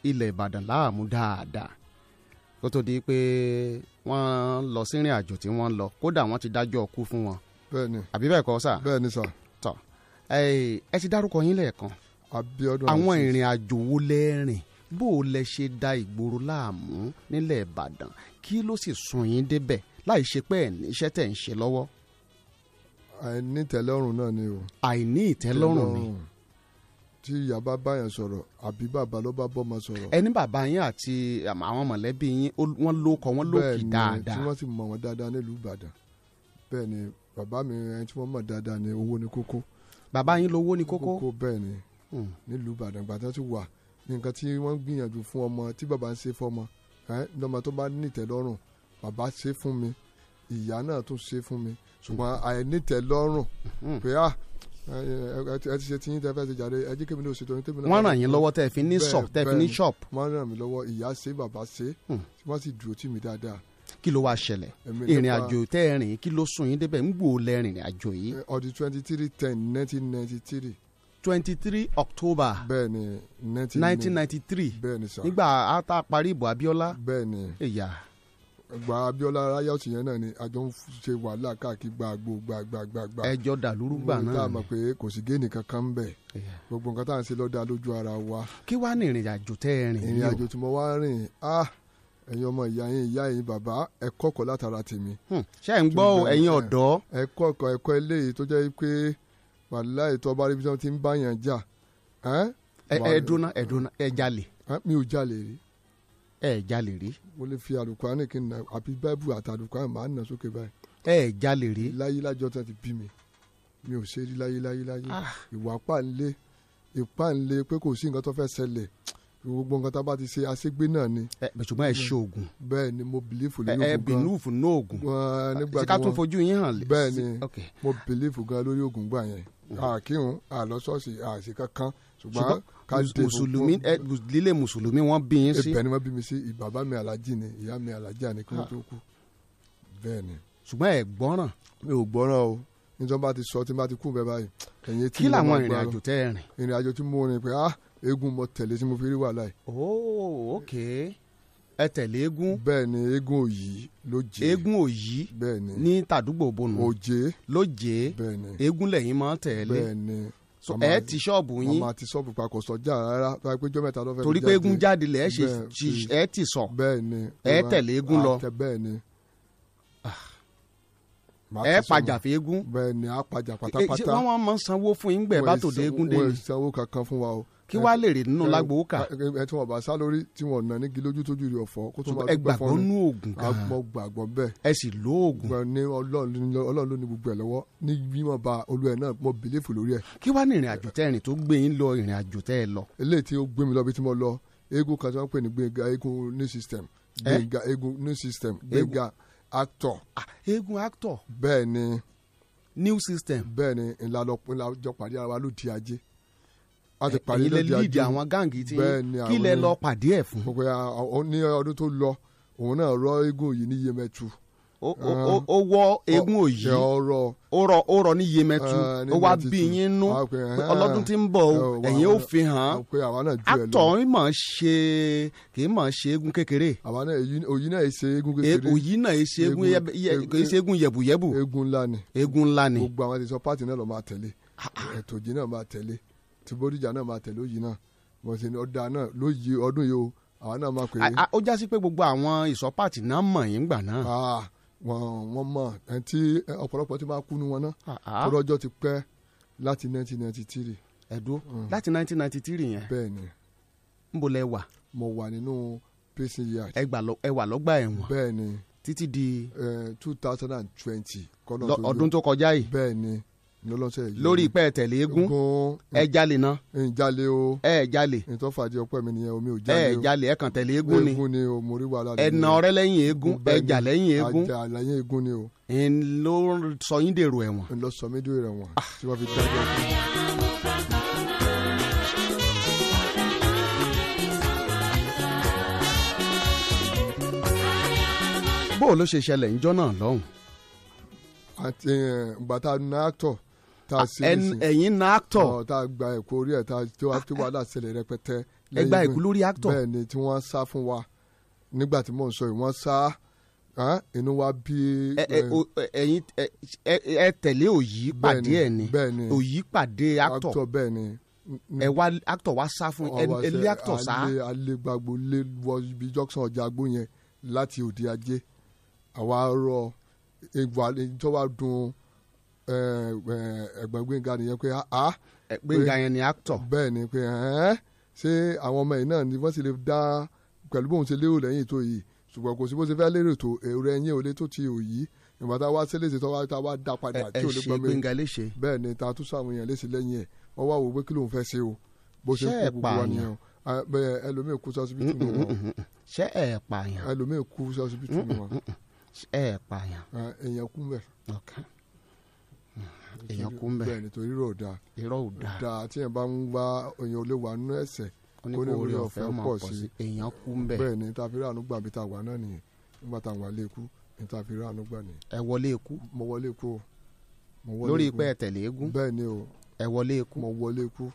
Speaker 4: ilẹ̀ Ìbàdàn láàmú dáadáa kó tó di pé wọ́n lọ sínrìn àjò tí wọ́n lọ kódà wọ́n ti dájọ́ ọkú fún wọn. bẹ́ẹ̀ni àbí bẹ́ẹ̀ kọ́ sà. bẹ́ẹ̀ni sà. tọ ẹ ti dárúkọ yín lẹ́ẹ̀kan. Abíọ́dún àwọn ìrìn àjò wo lẹ rìn bó o lẹ ṣe da ìgboro láàmú nílẹ̀ Ìbàdàn kí ló sì sùn yín débẹ̀ láì ṣe pé iṣẹ́ tẹ̀ ń ṣe lọ́wọ́. àìní ìtẹ́lọ́rùn náà ni o. àìní ìtẹ́lọ́rùn ni
Speaker 5: tí ìyá bá báyàn sọ̀rọ̀ àbí bàbá ló bá bọ́mọ sọ̀rọ̀. ẹni
Speaker 4: bàbá yín àti àwọn mọ̀lẹ́bí yín wọ́n ló kọ wọ́n ló kì dáadáa. ni tí wọ́n
Speaker 5: sì mọ̀ wọ́n dáadáa nílùú Ìbàdàn bẹ́ẹ̀ ni bàbá mi ẹni tí wọ́n mọ̀ dáadáa ni owó ni kókó. bàbá yín lówó ni kókó. kókó bẹ́ẹ̀ ni hmm. nílùú Ìbàdàn gbàtà ti wà ní nǹkan tí wọ́n gbìyànjú fún ọmọ tí bàbá ń ṣe fọmọ lọ́mọ tó bá nìtẹ́lọ́rùn ẹ ti ṣe tiyín tẹ fẹ́ jáde ẹ kébìnrin oṣù tó ní tèmínà. wọ́n ràn yín lọ́wọ́ tẹ́ fi ní shop tẹ́ fi ní shop. wọ́n ràn mí lọ́wọ́ ìyá ṣe bàbá ṣe tí hmm. wọ́n sì dúró tì mí dáadáa.
Speaker 4: kí ló wáá ṣẹlẹ̀ ìrìn àjò tẹ́ ẹ rìn kí ló sùn yín débẹ̀ ń gbò lẹ́rìn àjò yìí. ọdún twenty three ten nineteen ninety three twenty three october bẹ́ẹ̀ni nineteen
Speaker 5: ninety three bẹ́ẹ̀ni sir nígbà ata parí ìbò abiola bẹ́ẹ̀ni ẹyà. E gba Abiola Rayotu yẹn náà ni àjọ ń ṣe wàhálà káàkiri gbàgbó gbàgbàgbà. ẹjọ dàlúrú gbà náà ni. táà mọ̀ pé kò sí géènì kankan ń bẹ̀. gbogbo nǹkan tá à ń ṣe lọ́dà lójú ara wa. kí wàá ní ìrìn tẹ́ ẹ rìn. ìrìn àjò tí mo wá rìn ah ẹ̀yin ọmọ ìyá yín ìyá yín bàbá ẹ kọ́kọ́ látara tèmi. Hmm, ṣé ẹ̀ ń gbọ́ ẹ̀yin ọ̀dọ́. ẹ kọ́kọ́ ẹ̀kọ́ eléyìí tó jẹ́ pé wàláì tó bá rí bí wọ́n ti ẹ̀ ẹ jalè rí. mo lè fi àlùkùránì kí n na àbí báìbù àti àlùkùránì màá nà sókè báyìí. ẹ jalè rí. láyé lájọ tán ti bí mi mi ò ṣe rí láyé láyé láyé ah. ìwà pàǹlé ìpàǹlé pé kò sí nǹkan tó fẹ́ ṣẹlẹ̀ gbogbo nǹkan tá a bá ti ṣe àṣegbé náà ni. ẹ ṣùgbọ́n ẹ ṣe oògùn. bẹ́ẹ̀ ni mo bìlífù lórí oògùn gan. ẹ bìlífù ní oògùn. nígbà tí wọn ṣe ká tún fojú yín hàn. bẹ́ẹ̀ ni mo bìlífù gan lórí oògùn gbà yẹn. àkíhun mm. àlọ́sọ̀ọ̀sì àṣekankan ṣùgbọ́n mùsùlùmí
Speaker 4: lílé mùsùlùmí wọ́n bí yín sí. ibẹ̀ ni wọ́n
Speaker 5: bí mi sí bàbá mi alájì ni ìyá mi alájà ni kí wọ́n tó kú bẹ́ẹ̀ ni. ṣùgbọ́n ẹ gbọ́ràn. mi ò gbọ́ràn o nítorí bá ti sọ tí bá ti kú bẹ́ẹ̀ báyìí. ẹ̀yin tí mo bá ìrìn àjò tẹ́ ẹ rìn. ìrìn àjò tí mo rìn pé ah eégún mo tẹ̀lé tí mo fi rí wàhálà yìí. oh ok
Speaker 4: ẹ tẹ̀lé eégún. bẹ́ẹ̀ ni eégún òyì ló jẹ́. eégún òyì ni ní tàdúgbò bonu. òjé ló jẹ́. bẹ́ẹ̀ ni eégún lẹ́yìn máa tẹ̀lé. bẹ́ẹ̀ ni so ẹ ti
Speaker 5: ṣọ́ọ̀bù yín. ọmọ àti ṣọ́ọ̀bù papọ̀ sọjà rárá báyìí pé jọ́ mẹ́ta torí pé eégún jáde lẹ̀ ẹ ti sọ ẹ tẹ̀lé eégún lọ ah. ẹ pàjà fún eégún. bẹ́ẹ̀ni a pàjà pátápátá. ṣé wọn
Speaker 4: máa ń sanwó fún yín gbẹ bá tòde eégún dé. wọn ò
Speaker 5: sanwó kankan fún wa o kí wàá lè rè nínú lágbowó kà. ẹ tí wọn bá sá lórí tí wọn nà nígi lójú tójú rẹ ọfọ kó tó bá dúpẹ́ fún mi. ẹ gbàgbọ́ nú
Speaker 4: oògùn kan àmọ́
Speaker 5: gbàgbọ́ bẹ́ẹ̀. ẹ sì lo oògùn. ní ọlọ́run ló ní gbogbo ẹ̀ lọ́wọ́ ní mímọ́ ba olú ẹ̀ náà mo bìlífù lórí ẹ̀. kí wàá ní ìrìn àjò tẹ́ ìrìn tó gbé yín lọ ìrìn àjò tẹ́ ẹ lọ. eléyìí tí ó gbé mi lọ bí tí mo lọ eégún kan tí wọ́n pè ní gbẹ̀ngà eégún new system gbẹ̀ngà eégún new system gbẹ̀ngà actor. eégún actor. bẹ́ẹ̀ new system. bẹ́ẹ̀ ni ńlá lọ ńlá jọ pàdé a ti parí lóde àjò ilé lídìí àwọn gáǹgì tí kí lẹ lọ pàdé ẹ fún. gbogbo ní ọdún tó lọ òun náà rọ eégún òyì ní Yemẹtu.
Speaker 4: ó rọ ní Yemẹtu ó wá bí yín nú ọlọ́dún tí ń bọ̀ ẹ̀yin ó fi hàn àtọ̀ ṣe kì í mọ̀
Speaker 5: ṣe eégún kékeré. àwa náà òyì náà ṣe eégún ni. gbogbo àwọn ti sọ pàtì náà tí Bódìjà náà máa tẹ̀lé òyìn náà wọ́n ṣe ní ọ̀dà náà ló yí ọdún yìí o àwa náà máa pè é. ó já sí pé gbogbo àwọn ìsọpáàtì náà mọ̀ yín gbà náà. wọ́n wọ́n mọ̀ tí ọ̀pọ̀lọpọ̀ ti máa kú wọn náà tó lọ́jọ́ ti pẹ́ láti 1993. ẹ̀dùn mm. láti 1993 yẹn. bẹ́ẹ̀ni. ń bolẹ̀ wà. mo wà nínú prison yard. ẹ wà lọ́gbà ẹ̀wọ̀n. bẹ́ẹ̀ni. títí di. two thousand and twenty. ọdún tó kọjá yìí. bẹ́ẹ̀ni lọ́lọ́sẹ̀ yìí lórí ìpẹ́ tẹ̀lé eégún ẹ jalè náà. ẹ jalè o ẹ jalè. ìtọ́ fàájì ọpẹ́ mi nìyẹn omi ò jalè o. ẹ jalè ẹ kàn tẹ̀lé eégún ni. eégún ni o mo rí wàhálà nìyẹn. ẹ̀nà ọ̀rẹ́ lẹ́yìn eégún ẹ jà lẹ́yìn eégún. àjà lẹ́yìn eégún ni o. n ló sọ yín dèrò ẹ̀wọ̀n. n ló sọ mí dèrò ẹ̀wọ̀n ah. tí wọ́n fi dájọ́
Speaker 4: bó o ló ṣe ṣẹlẹ̀ ńjọ́ náà lọ́hùn.
Speaker 5: àti bàtà náà tọ̀ ẹ̀yin na actor. ọ̀ tá a gba ẹ̀kọ́ orí ẹ̀ tá a tó wàhálà ṣẹlẹ̀ rẹpẹtẹ. ẹ gba ẹ̀kú lórí actor. bẹ́ẹ̀ ni tí wọ́n sá fún wa nígbà tí mò ń sọ yìí wọ́n sá inú wa bí.
Speaker 4: ẹ̀yin ẹ tẹ̀lé òyì pàdé ẹ̀ ni òyì pàdé actor. bẹ́ẹ̀ ni ẹ wá actor wá sá fún ẹ lé actor sá.
Speaker 5: alẹ́ gbàgbó lé wọ ibi junction ọjà agbó yẹn láti òde ajé àwa rọ ìgbà tó dùn ẹ̀gbọ́n gbẹ̀ngà nìyẹn pé a. Ah, ah. gbẹ̀ngà yẹn ni actor. bẹ́ẹ̀ ni pé ṣé àwọn ọmọ yìí náà ni wọ́n sì lè dá pẹ̀lú bóun ṣe lérò lẹ́yìn tó yìí ṣùgbọ́n kò sí bó ṣe fẹ́ lérò tó èrò ẹ̀yìn òde tó ti òyì ìgbà tá a wá sílé ṣe tó wá tá a wá dá padà tí ò lè gbọ́n mi. ẹ ṣe gbẹ̀ngà léṣe. ni ta tún sáwọn èèyàn léṣe lẹ́yìn ṣe o bó ṣe ń kú gbogbo wa nìyẹn ẹlòmíì kú sọsibítù mi wọn. ṣé ẹ pààyàn. ẹlòmíì kú sọsibítù mi wọn. ṣé ẹ pààyàn. èèyàn kú mbẹ èèyàn kú mbẹ bẹ́ẹ̀ nítorí rò da. irọ́ ò dáa dáa tí yẹn bá ń gbá oyin olówó anú ẹsẹ̀ oní orí ọ̀fẹ́ pọ̀ sí èèyàn kú mbẹ bẹ́ẹ̀ ni tá a fi rí àánú gbà bí tá a wà náà nìyẹn nígbà tá a wà lé ikú nìyẹn. ẹ wọlé ikú mo wọlé ikú o mo wọlé ikú lórí pé ẹ tẹ̀lé eégún o ẹ wọlé ikú mo wọlé ikú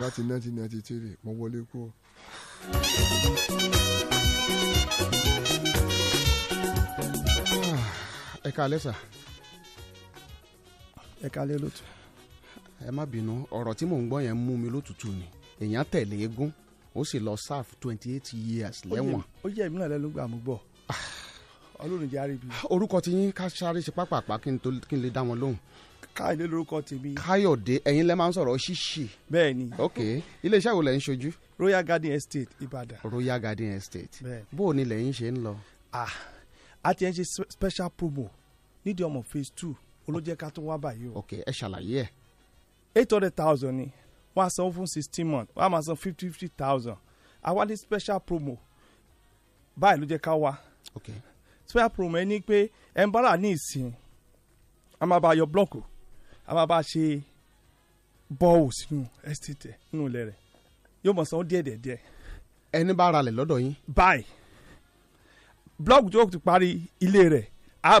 Speaker 5: láti 1993 mo wọlé ikú o.
Speaker 4: ẹ káalẹ́ sà ẹ kálẹ̀ lótú. ẹ má bínú ọ̀rọ̀ tí mò ń gbọ́ yẹn mú mi lótùtù ni èèyàn tẹ̀lé eégún ó sì lọ serve twenty eight years lẹ́wọ̀n.
Speaker 10: ó yẹ ìmúlẹ̀ lẹ́nu gbà mú bọ̀ ah. ọlọ́run jẹ́ àríbi. orúkọ ti yín ká
Speaker 4: sáré ṣe pápápá kí n lè dá wọn lóhùn. káyọ̀dé lorúkọ tèmi. káyọ̀dé ẹ̀yin lẹ́ máa ń sọ̀rọ̀ ṣíṣì. bẹ́ẹ̀ni. ok iléeṣẹ́ wo lẹ̀ ń ṣojú. royal garden estate ìbàdàn. royal garden
Speaker 10: estate. bẹ́ẹ̀ bó o lẹ́yìn ṣe ń lọ. ah a ti ń ṣe special promo nídìí ọmọ phase two olójẹ́ ká tó wá báyìí o. ok ẹ ṣàlàyé ẹ. eight hundred thousand ni wọ́n á san fún sixteen months wọ́n á máa san fifty fifty thousand àwa ní special promo báyìí ló jẹ́ ká wá. ok special promo ẹ ní pé ẹ ń ní ìsìn a máa bá yọ blọọkù a máa bá ṣe bọ́ọ̀wù sínú ẹ́sítẹ̀tẹ̀ nínú ilẹ̀ rẹ̀ yóò mọ̀ sanwó díẹ̀ díẹ̀ díẹ̀. ẹni bá ra lẹ̀ lọ́dọ̀ yín. báyìí blọọkù tó ti parí ilé rẹ̀ a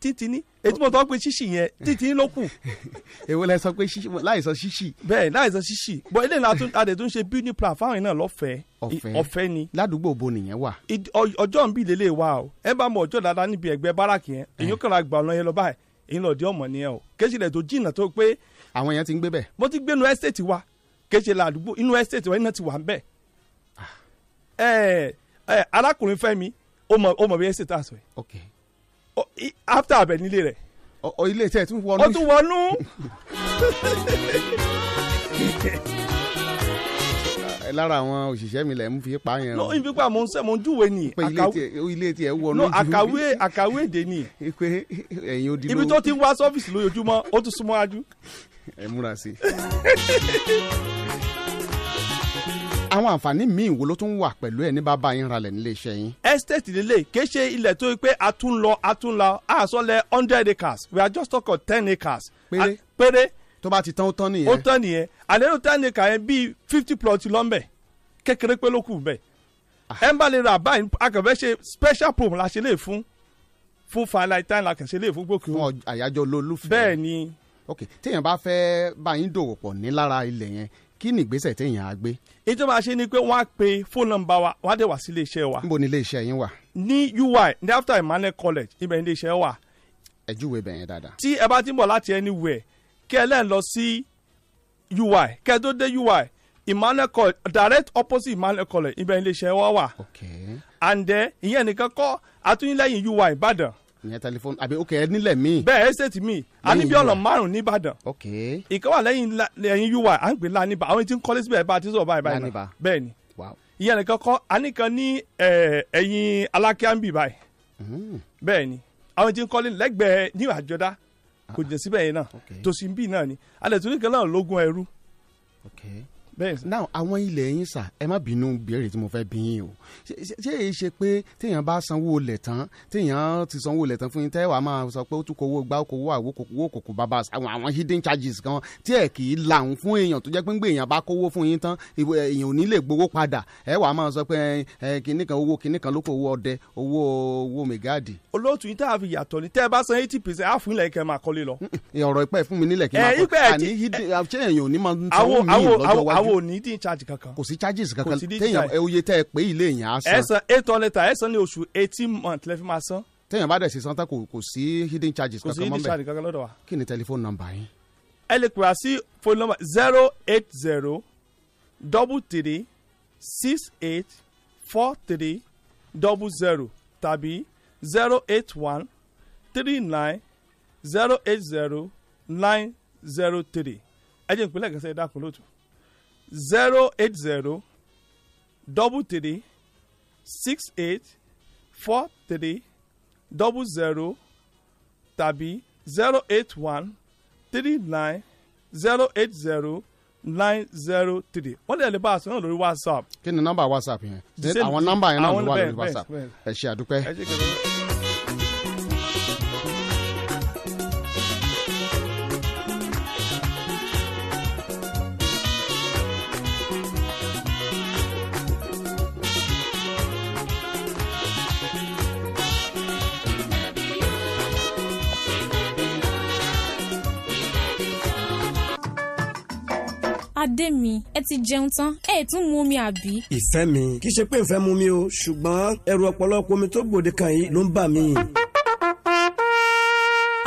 Speaker 10: títíní ètí mo tọ́ pé ṣíṣì yẹn títíní ló kù. èwo lẹ sọ pé ṣíṣì láì sọ ṣíṣì. bẹ́ẹ̀ láì sọ ṣíṣì bọ ilé ìlànà adé tó ń ṣe beauty plan fáwọn náà lọ́fẹ̀ẹ́ ọ̀fẹ́ ni. ládùúgbò bo nìyẹn wà. ọjọ́ ń bí lélẹ̀ wa o ẹ bá mọ ọjọ́ dáadáa níbi ẹgbẹ́ báràkì yẹn eh. èyí kan ra gbà ọ̀nà yẹn lọ báyìí èyí lọ́ọ́ di ọmọ nìyẹn o kéṣìlẹ̀ tó jìnnà tó pé. àwọn yẹn ti ń gbé bẹ́ẹ̀. mo ti gbénu estate wa kéṣìlẹ̀ àdúgbò inú estate wa iná ti wà ń bẹ̀. Ah. ẹ ẹ arákùnrin Fẹ́mi ó mọ bí estate àṣọ yìí after abẹ nílé rẹ̀. ọ ilé iṣẹ́ tún wọnú. ó tún wọnú.
Speaker 4: lára àwọn òṣìṣẹ́ mi lẹ̀ ń fi pa yẹn. lọ́ọ́
Speaker 10: ìfipá mo ń sẹ́ mo ń júwe ni. pé ilé tiẹ̀ wọnú ju. àkàwé àkàwé èdè ni. pé ẹ̀yin odi ló. ibi tó ti ń wá sọ́fíìsì lójoojúmọ́ ó tún súnmọ́ ajú. ẹ múra sí i. àwọn àǹfààní míì wo ló tún wà pẹ̀lú
Speaker 4: ẹ̀ ní bàbá yín ralẹ̀ nílé iṣẹ́ yín.
Speaker 10: estate lele kì ilẹ̀ tó yẹ pé a tún lọ a tún lọ a sọ lẹ hundred acres we are just talking ten acres. péré péré tó bá ti tán ó tán nìyẹn. ó tán nìyẹn àlejò ten acres yẹn bíi fifty plot lọ́nbẹ̀ kékeré pé ló kù bẹ́ẹ̀. Ah. ẹ ń bá lè ra báyìí akẹ́fẹ́ ṣe special program la ṣe lè fún fún falai time la kẹ̀sẹ̀ lè fún gbòkè. fún àyájọ́ olólùfẹ́. bẹ́ẹ̀ ni. ok téèyàn bá fẹ́ báyìí dòwò pọ̀ ní lára ilẹ̀ yẹn kí ni ìgbésẹ̀ téèyàn á gbé. èyí tó máa ṣe ni pé wọ́n á pe fóònù nọ́mbà wa wọ́n á dẹ̀ wá sí ilé iṣẹ́ wa. níbo ni ilé iṣẹ́ yín wà. ní ui ní after emmanuel college ibẹ̀ ni ilé iṣẹ́ wà. ẹ júwe bẹ̀yẹn dáadáa. tí ẹ bá ti ń bọ̀ láti anywhere kẹ́ ẹ lẹ́ẹ̀ lọ sí ui kẹ́ tó dé ui emmanuel college direct opposite emmanuel college ibẹ̀ ni ilé iṣẹ́ wa wà. okay. and then ìyẹn nìkan kọ́ àtúnyìnlẹ́yìn ui ìbàdàn ìyẹn tẹlifóònù àbí ok ẹ nílẹ̀ míì. bẹ́ẹ̀ estate mi a ní bí ọ̀nà márùn-ún nìbàdàn. ok ìkan wà lẹ́yìn lẹ́yìn UI à ń pè lánìbà àwọn tí ń kọ́lé síbẹ̀ bá a ti sọ̀rọ̀ báyìí báyìí náà bẹ́ẹ̀ ni ìyẹn nìkan kọ́ a nìkan ní ẹ̀yìn alákíámbì báyìí mm-hmm. bẹ́ẹ̀ ni àwọn tí ń kọ́lé lẹ́gbẹ̀ẹ́ ní àjọdá kò ah. jẹ́ síbẹ̀ yẹn náà tòsí bíi náà ni alẹ́ tó nìkan náà lógún ẹrú now àwọn ilẹ̀ yín sà
Speaker 4: ẹ má bínú béèrè tí mo fẹ́ bí yín o ṣé èyí ṣe pé téèyàn bá sanwó olẹ̀ tán téèyàn ti sanwó olẹ̀ tán fún yín tẹ́wàá máa sọ pé ó tún kówó gbá kówó àwò kòkòwò kòkò bàbá àwọn àwọn hidden charges kan tí ẹ̀ kì í là ń fún èèyàn tó jẹ́ pé ń gbé èèyàn bá kówó fún yín tán èèyàn ò ní lè gbowó padà ẹ wàá máa sọ pé kinní kan owó kinní kan ló kó owó ọdẹ owó owó mẹgáàdì. olóòtú yín tá a fi yàtọ̀ ni tẹ́
Speaker 10: ẹ bá san eighty percent á fún ilẹ̀ kẹ́ máa kọ́lé lọ.
Speaker 4: ọ̀rọ̀ ìpẹ́ fún mi nílẹ̀ kí n máa kọ́ àní ṣé èèyàn
Speaker 10: ò ní máa ń sanwó mi lọ́jọ́ wájú ò ní dín charge kankan. kò sí charges kankan téèyàn oye tẹ́ ẹ pé ilé èèyàn á san. ẹ eight hundred naira ẹ san ní oṣù eighteen month lẹ́fí máa san. téèyàn bá dẹ̀ sí san tán kò
Speaker 4: sí hidden charges kankan mọ́ bẹ́ẹ̀ kò sí hidden charge kankan lọ́dọ̀ wa. kí ni telephone number yín.
Speaker 10: ẹ lè pè wá sí phone number zero eight zero double three six eight four three double zero tàbí zero eight one three nine zero eight zero nine zero three ẹ jẹ́ ìpínlẹ̀ kẹsẹ̀ ẹ̀dá kan lóòtú zero eight zero double three six eight four three double zero tàbí zero eight one three nine zero eight zero nine zero three wọ́n lè lè bá a sọ náà lórí whatsapp. kí ni nọ́mbà whatsapp yẹn àwọn nọ́mbà
Speaker 4: yẹn náà ló wà lórí whatsapp ẹ ṣe àdúpẹ́.
Speaker 11: mi ẹ ti jẹun tán ẹ ẹ tún mu omi àbí.
Speaker 8: ìfẹ́ mi kì í ṣe pé ìfẹ́ mu mi o ṣùgbọ́n ẹrù ọ̀pọ̀lọpọ̀ omi tó gbòde kan yìí ló ń bà mí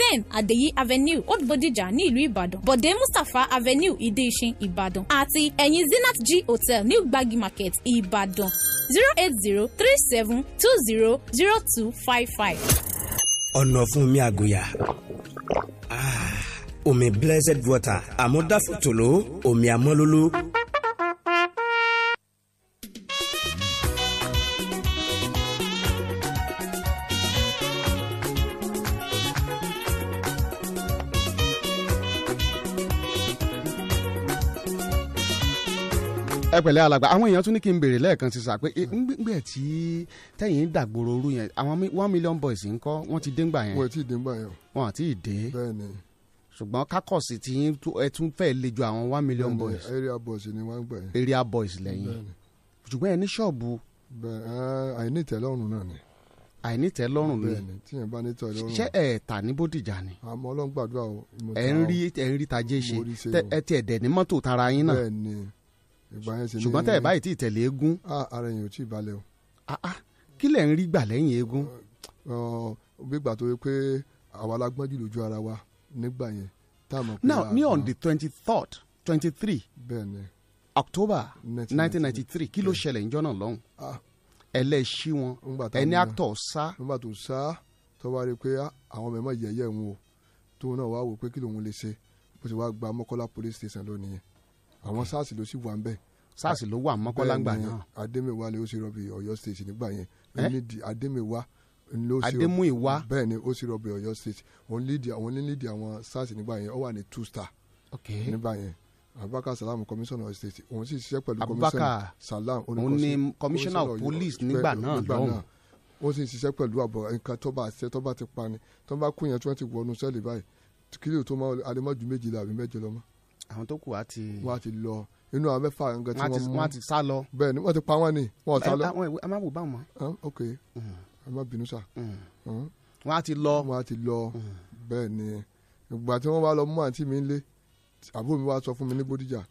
Speaker 11: ten àdèyí avenue old bodija ní ìlú ìbàdàn bọ̀dé mustapha avenue ìdíṣin ìbàdàn àti ẹ̀yìn zenith g hotel new gbagi market ìbàdàn zero
Speaker 7: eight zero three seven two zero zero two five five.
Speaker 8: ọ̀nà fún mi àgùyà ah, omi blessed water àmúdáfòtòló omi àmọ́lóló
Speaker 4: ẹ pẹ̀lẹ́ alàgbà àwọn èèyàn tún ní kí n béèrè lẹ́ẹ̀kan sísà pé ngbẹ tí tẹ̀yìn dàgbòrò orú yẹn àwọn one million boys ń kọ́ wọ́n ti dé ńgbà yẹn. wọ́n ti dé ńgbà yẹn. wọ́n àti dé. bẹ́ẹ̀ni. ṣùgbọ́n kákọ̀sì tí ẹ tún fẹ́ le ju àwọn one million boys.
Speaker 5: area boys ni wọ́n gbà yẹn. area boys lẹ́yìn.
Speaker 4: ṣùgbọ́n ẹ ní ṣọ́ọ̀bù. bẹ́ẹ̀ àìní ìtẹ́lọ́rùn náà ni àìní tẹ́ lọ́rùn ni
Speaker 5: tíyẹn bá ní tọ́ ẹ lọ́rùn ṣé ẹ
Speaker 4: ta ní Bódìjà ni.
Speaker 5: àmọ́ Ọlọ́run gbàdúrà o. ẹ ń rí ẹ ń rí tajé ṣe ẹ
Speaker 4: tiẹ̀ dẹ̀ ní mọ́tò tara yín náà. bẹ́ẹ̀
Speaker 5: ni ṣùgbọ́n tẹ́ ẹ̀ báyìí
Speaker 4: tí ìtẹ̀lé eégún. ara èèyàn ò tí ì balẹ̀
Speaker 5: o. Ah, ah, kí lẹ̀ ń rí gbà lẹ́yìn eégún. gbígbà tó yẹ pé
Speaker 4: àwa la lójú ara wa nígbà yẹn tá a mọ̀ pé. now ní on the twenty third twenty three. bẹ́ẹ̀ni. october nineteen ninety three kí ló ṣẹlẹ̀ níjọ́ náà lọ́hùn. Ah. ẹlẹ́ẹ̀ṣí wọn ẹni actor sá. nígbà tó sá tó wá rí i pé àwọn
Speaker 5: mẹ́mọ́ yẹ̀yẹ́ wọn o tóun náà wá wò pé kí lòun lè ṣe bó ti wá gba mọ́kọ́lá police station lónìí yẹn àwọn sars ló sì wà ń bẹ. sars ló wà mọ́kànlá ńgbà náà. adémẹ́wá ni ó sì rọ́bì ọ̀yọ́ state nígbà yẹn ó ní di adémẹ́wá adémúìwá bẹ́ẹ̀ ni ó sì rọ́bì ọ̀yọ́ state òun lídì àwọn onílídì àwọn sars nígbà yẹn ó wà ní two star nígbà yẹn abubakar salam commissioner of state òun sì ṣiṣẹ́ pẹ̀lú commissioner salam ni commissioner of police nígbà náà lọ́hùn ó sì ṣiṣẹ́ pẹ̀lú àbọ̀ nǹkan tó bá ṣe ti pa ni tó bá kú yẹn tí wọ́n ti wọnú sẹ́ẹ̀lì báyìí kí ló tó máa alẹ́ mọ́jú méjìlá àbí mẹ́jọ lọ́mọ́ àwọn tó kù wá ti. wọ́n á ti lọ inú àwọn mẹ́fà nǹkan tí wọ́n mú wọ́n ti sá lọ. bẹ́ẹ̀ ni wọ́n ti pa wọ́n ni wọ́n sá lọ. ẹ má wò báwọn mọ́. ok mm. ẹ má bínú sà. Mm. wọ́n á ti lọ. wọ́n á ti lọ mm. bẹ́ẹ̀ ni ìgbà tí wọ́n wá lọ mú àǹtí mi lé àbúrò mi wá sọ fún mi ní Bódìjà.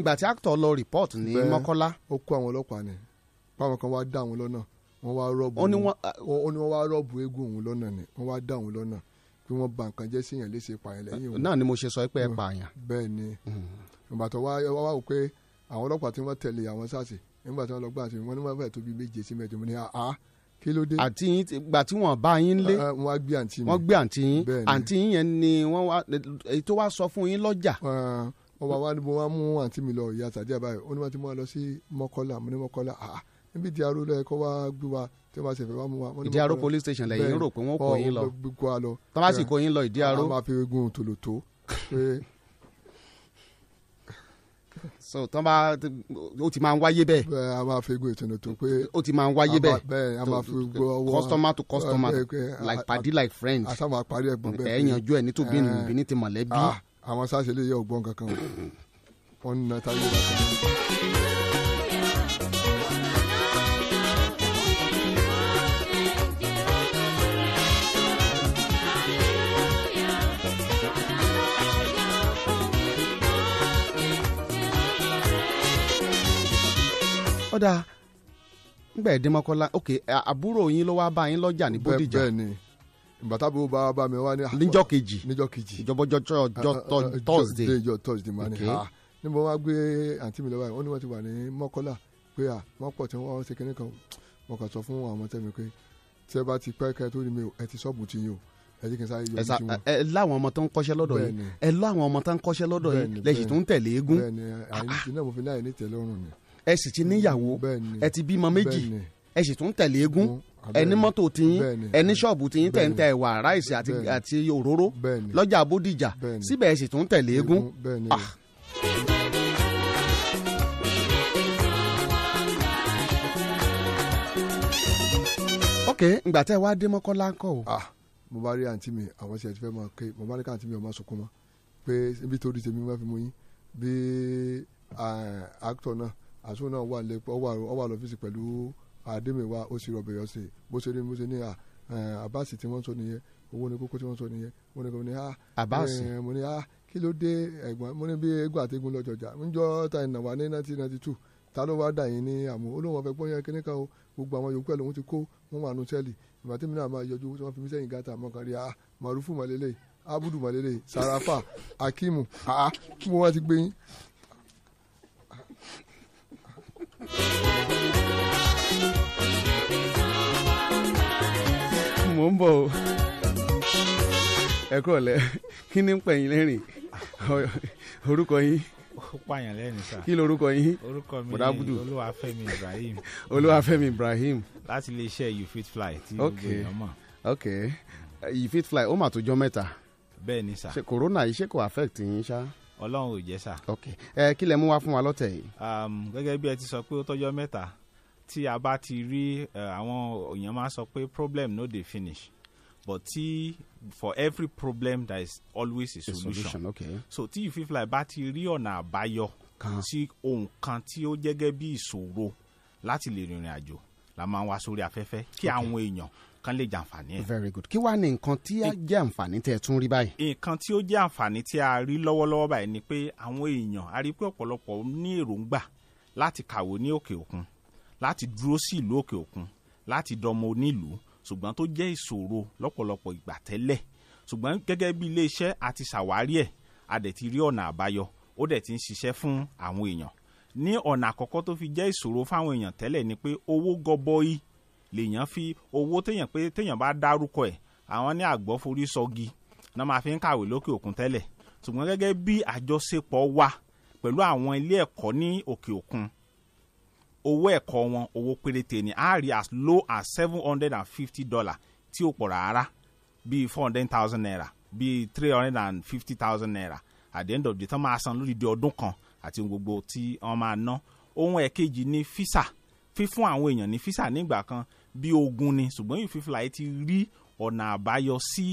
Speaker 4: ìgbà tí actor lọ report ní Mọ́kọ́lá.
Speaker 5: ó kó àwọn ọlọ́pàá ni báwọn kan wá dá àwọn lọ́nà wọ́n wá rọ́ọ̀bù eégún òun lọ́nà ni wọ́n wá dá àwọn lọ́nà pé wọ́n ba nǹkan jẹ́ síyàn léṣe pààyàn lẹ́yìn òun. náà ni mo
Speaker 4: ṣe sọ pé ẹ pààyàn. bẹ́ẹ̀ ni hmm.
Speaker 5: ìgbà tó wá wá wò pé àwọn ọlọ́pàá tí wọ́n tẹ̀lé àwọn sars nígbà tí wọ́n lọ gbà sí wọn ní wọ́n fẹ́ẹ́ tó bí méje
Speaker 4: sí mẹ́jọ mo ní àá kí ló dé. àti yín gbà tí wọ́n bá yín lé. wọ́n gbé àǹtí mi wọ́n gbé àǹtí yín àǹtí yín yẹn ni wọ́n wá èyí tó wá sọ fún yín lọ́jà. wọ́n wá wá ní mo
Speaker 5: wá mú àǹtí mi lọ ìyá sàdíà báyìí ó ní wọ́n ti mú wọn lọ sí mọ́kọ́lá mo ní mọ́kọ́lá àá níbi ìdí aró lẹ́yìn kó wá gbé wa tí wọ́n ṣe fẹ́ wá mú wa. ìdí aró police station lẹ́yìn rò pé wọ́n kó yín lọ tó sì kó yín lọ ìdí aró. wọ́n máa fi gun òtòlò tó.
Speaker 4: so tó bá ó ti máa ń
Speaker 5: wáyé bẹ́ẹ̀. bẹ́ẹ̀ a máa fi gun òtòlò tó pé. ó ti máa ń wáyé bẹ́ẹ̀. bẹ́ẹ̀ a máa fi gun ọwọ́ customer to customer like padi like friend. a sábà parí ẹ̀gbọ́n bẹ́ẹ̀. ẹ̀ yanjú ẹ̀ nítorí eh, bí ti mọ̀lẹ́bí. Ah, àwọn sáà
Speaker 4: ọ̀dà ngbà ẹ̀dín ok àbúrò yín ló wá bá yín lọ́jà ní bódìjà bẹ́ẹ̀ ni ìbátábí ó bá bá
Speaker 5: mi wá ní. níjọ́
Speaker 4: kejì níjọ́ kejì ìjọbọjọ tọ́sídẹ̀ẹ́ ìjọ
Speaker 5: tọ́sídẹ̀ẹ́ máa ní ha ní mo wá gbé àǹtí mi lọ́wọ́ ẹ̀ wọ́n ní wọ́n ti wà ní mọ́kànlá pé à ah, wọ́n pọ̀ tí wọ́n ṣe kínní kan mo kàn sọ fún àwọn ọmọ tẹ́mi pé tẹ́ bá ti ẹ ti o ẹ jẹ́ kí
Speaker 4: n ọmọ tó ń kọ́ṣẹ́ lọ́dọ̀ yìí ẹ láwọn ọmọ tó ń kọ́ṣẹ́ lọ́dọ̀ yìí lẹ́sìn tó ń tẹ̀lé eégún. bẹ́ẹ̀ni àìní ti náà mo fi láì ní tẹ́lọ́rùn ni ẹ sì ti níyàwó ẹ ti bímọ méjì ẹ sì tún tẹ̀lé eégún ẹni mọ́tò tiyín ẹni ṣọ́ọ̀bù tiyín tẹ̀ ń tẹ ẹ̀wà ráìsì àti òróró lọ́jà bódìjà síbẹ̀ ẹ sì tún tẹ̀lé eégún. Ah. ok ngbà tẹ́ wá dé mọ́kànlá ńkọ́ o. ah
Speaker 5: mo bá rí àǹtí mi àwọn ṣe ti fẹ́ máa ké mo bá rí àǹtí mi ọ̀ máa sunkún pé níbi tó rí tèmi máa fi mú yín bí eh, actor náà àṣọ náà wà lé ọwà lọ́fíìsì pẹ̀lú àdèmíwá ó sì rọ̀bẹ̀yọ̀ sí bó ṣe rí bó ṣe ní à àbáàsì tí wọ́n sọ nìyẹn owó ní kókó tí wọ́n sọ nìyẹn mo ní kò ní à àbáàsì mo ní à kí ló dé ẹ̀gbọ́n mo ní bí eégún àtẹ̀gùn lọ jọjà níjọ́ ta ìnà wà ní nineteen ninety two ta ló wá dà yín ní àmú olóhùn ọ̀fẹ́ gbọ́yàn kíní kan o gbogbo àwọn yòókù ẹ̀ lòun ti kó wọn wà nù sẹ́ẹ̀lì ìgbà tí mi náà máa yọjú abudu màlélẹ́yìí sàràfà akimu àá kí mo
Speaker 4: mò ń bọ̀ o ẹ kúrọ̀ lẹ kí ni ń pè yín lẹ́rìn orúkọ yín. pààyàn lẹ́nu sá. kí lorúkọ yín. orúkọ mi ni
Speaker 11: olúwafẹ́mi ibrahim.
Speaker 4: olúwafẹ́mi ibrahim. láti iléeṣẹ́ you fit fly tí gbogbo èèyàn mọ̀. ok you fit fly ó mà tó jọ mẹ́ta. bẹ́ẹ̀ ni sá. ṣe kòrónà yìí ṣé kò affect yín ṣá
Speaker 11: ọlọ́run ò jẹ́
Speaker 4: ok ẹ kí lẹ mú wá fún wa lọ́tẹ̀ yìí.
Speaker 11: Um, gẹ́gẹ́ bí ẹ ti sọ pé ó tọ́jọ́ mẹ́ta tí a bá ti rí àwọn èèyàn máa sọ pé problem no dey finish but tí for every problem there is always a solution, a solution okay. so tí ìfífla bá ti rí ọ̀nà àbáyọ sí ohun kan tí ó jẹ́gẹ́ bí ìṣòro láti lè rìnrìn àjò la máa ń wá sórí afẹ́fẹ́ kí àwọn èèyàn kán lè jàǹfààní ẹ̀.
Speaker 4: very good kí wàá ní nǹkan tí a jẹ́
Speaker 11: àǹfààní tẹ́ ẹ tún rí báyìí. nǹkan tí ó jẹ́ àǹfààní tí a rí lọ́wọ́lọ́wọ́ báyìí ni pé àwọn èèyàn a rí pé ọ̀pọ̀lọpọ̀ ní èròǹgbà láti kàwé ní òkè òkun láti dúró sí ìlú òkè òkun láti dọmọ onílùú ṣùgbọ́n tó jẹ́ ìṣòro lọ́pọ̀lọpọ̀ ìgbà tẹ́lẹ̀ ṣùgbọ́n gẹ́gẹ́ bí iléeṣẹ́ a ti ṣàwárí ẹ̀ a dẹ̀ ti rí ọ̀nà àbáyọ ó dẹ̀ ti ń ṣiṣẹ́ fún àwọn èèyàn ní ọ̀nà àkọ́kọ́ tó fi jẹ́ ìṣòro fáwọn èèyàn tẹ́lẹ̀ ni pé owó gọbọi lèèyàn fi owó téèyàn pé téèyàn bá dárúkọ ẹ̀ àwọn ní àgbọ̀ forí sọgi náà máa fi ń kàwé lókè òkun tẹ́lẹ̀ ṣùgbọ́n gẹ́gẹ́ bí àjọṣepọ̀ wa pẹ̀lú àwọn ilé ẹ̀kọ́ ní òkè òkun owó ẹ̀kọ́ wọn owó péréte ni a as low as seven hundred and fifty dollars tí ó pọ̀ rárá bíi four hundred thousand naira bíi three hundred and fifty thousand naira at the end of the day tán máa san lórí di ọdún kan àti gbogbo tí wọ́n máa ná ohun ẹ̀kejì ni físà fífún àwọn èèyàn ní físà nígbà kan bí ogun ni ṣùgbọ́n ìfífúnláyé ti rí ọ̀nà àbáyọ sí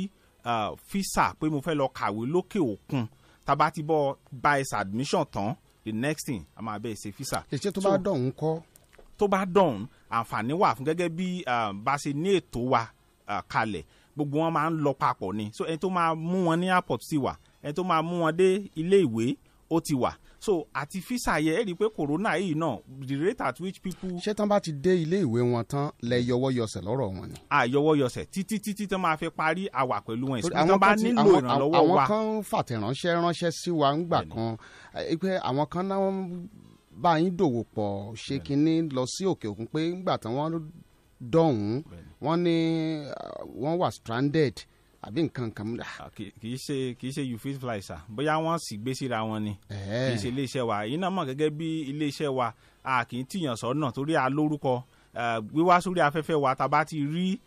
Speaker 11: físà pé mo fẹ́ lọ kàwé lókè òkun tábà ti bọ́ bias admission tán the next thing a máa bẹ̀rẹ̀ ṣe físà. èṣe tó bá dọ̀hún kọ́. tó bá dọ̀hún àǹfààní wà fún gẹ́gẹ́ bí bá a ṣe ní ètò wa kalẹ̀ gbogbo wọn máa ń lọ papọ̀ ni so ẹni tó máa mú wọn ní airport ti wà ẹni tó máa mú wọn dé ilé ìwé ó ti wà so àti físà yẹ ẹ rí i pé corona yìí náà the rate at which people. ṣé tán bá ti dé ilé ìwé wọn
Speaker 4: tán lẹ yọwọ́yọsẹ̀ lọ́rọ̀ wọn ni.
Speaker 11: àyọwọ́yọsẹ̀ títí títí tán máa fi parí àwà pẹ̀lú wọn ìsìn àwọn bá nílò ìrànlọ́wọ́ wa. àwọn kan
Speaker 4: fàtẹ̀ránṣẹ́ ránṣẹ́ sí wa ńgbà kan pé àwọn kan náà bá yín dòwò pọ̀ ṣe kínní lọ sí òkè òkun pé ńgbà tán wọ́n dọ̀hún wọ́n ní wọ́n wà stranded. Mm àbí nǹkan
Speaker 11: kan dà. kì í ṣe kì ṣe you fit fly sa bóyá wọ́n sì gbé síra wọn ni kì í ṣe iléeṣẹ́ wa èyí náà mọ̀ gẹ́gẹ́ bí iléeṣẹ́ wa a kì í tìyàn sọ́nà torí a lórúkọ wíwá sórí afẹ́fẹ́ wa tá a bá ti rí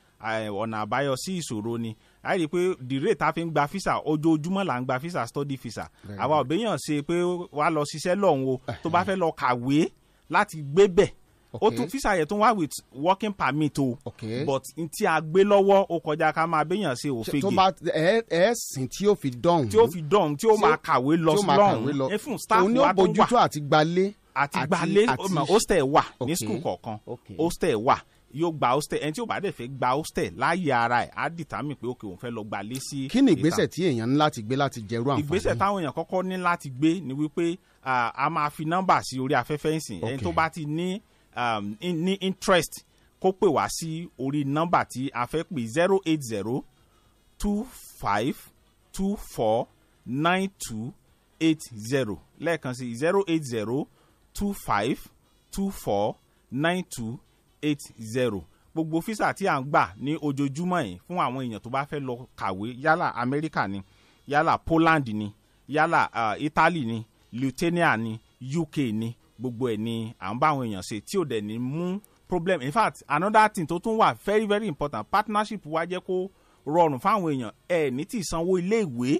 Speaker 11: ọ̀nà àbáyọ sí ìṣòro ni a rí i pé the rate tá fi ń gba fisa ojoojúmọ́ là ń gba fisa study fisa àwa òbẹ́yàn ṣe pé wàá lọ ṣiṣẹ́ lọ́hùn o tó bá fẹ́ lọ kàwé láti gbébẹ̀ ó tún fisa yẹn tún wá with working permit o okay. but n a gbé lọ́wọ́ ó kọjá ká máa béèyàn ṣe òfegè. tó bá ẹ ẹ sìn tí ó fi dọ̀hún. tí ó fi dọ̀hún tí ó máa kàwé lọ sí lọ́hún staff wa tó wà. òun ni ó bójútó àti
Speaker 4: gbalé. àti gbalé hostel wà ní school kọ̀ọ̀kan
Speaker 11: hostel wà yóò gba hostel ẹni tí ó bá dẹ̀ fẹ́ gba hostel láàyè ara ẹ̀ á dìtámì pé òkè òun fẹ́ lọ gbalé sí. kí ni ìgbésẹ̀
Speaker 4: tí èèyàn ní láti gbé láti jẹrú àǹfààní. ìgbésẹ̀
Speaker 11: táwọn èèyàn kọ́kọ́ ní láti gbé ni wípé a máa fi nọ́mbà sí orí afẹ́fẹ́ ìsìn ẹni tó bá ti ní um, in, interest kó pè wá sí orí nọ́mbà tí a fẹ́ pè zero eight zero two five two four nine two eight zero lẹ́ẹ̀kan sí zero eight zero two five two four nine two eight zero gbogbo físà tí à ń gbà ní ojoojúmọ́ yìí fún àwọn èèyàn tó bá fẹ́ lọ kàwé yálà amẹ́ríkà ni yálà poland ni yálà uh, italy ni lithuania ni uk ni gbogbo ẹ̀ ni à ń bá àwọn èèyàn ṣe tí ò dẹ̀ ní mú problem in fact another thing tó tún wà very very important partnership wa jẹ́ kó rọrùn fáwọn èèyàn ẹ̀ ní tí ìsanwó ilé ìwé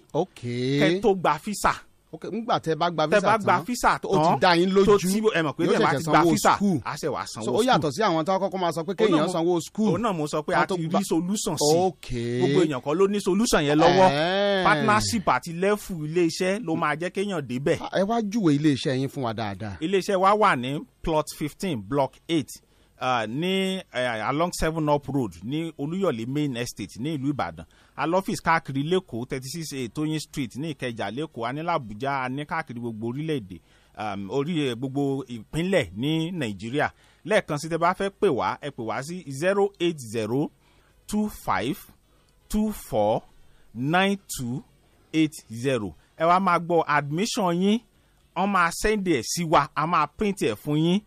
Speaker 11: kẹ́ tó gba físà ok ngbà tẹ bá gba visa tán tẹ bá gba visa tán ó ti da yín lójú yóò ṣẹ̀ṣẹ̀ sanwó school
Speaker 4: a ṣe wà sanwó school ó yàtọ̀ sí àwọn tó kọ́kọ́ máa sọ pé kéèyàn
Speaker 11: sanwó school òun náà mo sọ pé a ti rí solution sí gbogbo èèyàn kan ló ní solution yẹn lọ́wọ́ partnership àti lẹ́fù ilé-iṣẹ́ ló máa jẹ́ kéèyàn débẹ̀. ẹ wá júwe ilé-iṣẹ́ yín fún wa dáadáa. ilé wa wà ní plot fifteen block eight uh, ní uh, along seven up road ní olúyọ̀lé main estate ní ìlú ìbàdàn alọ́fíìsì káàkiri lẹ́kọ̀ọ́ thirty six a Tóyìn street ní Ìkẹjà lẹ́kọ̀ọ́ a ní l'Àbújá a ní káàkiri gbogbo orílẹ̀-èdè um, orí eh, gbogbo ìpínlẹ̀ ní Nàìjíríà lẹ́ẹ̀kan sí tẹ́ bá fẹ́ pè wá ẹ pè wá sí zero eight zero two five two four nine two eight zero ẹ wá máa gbọ́ admission yín wọ́n máa sẹ́ndì ẹ̀ sí wa a máa print ẹ̀ fún yín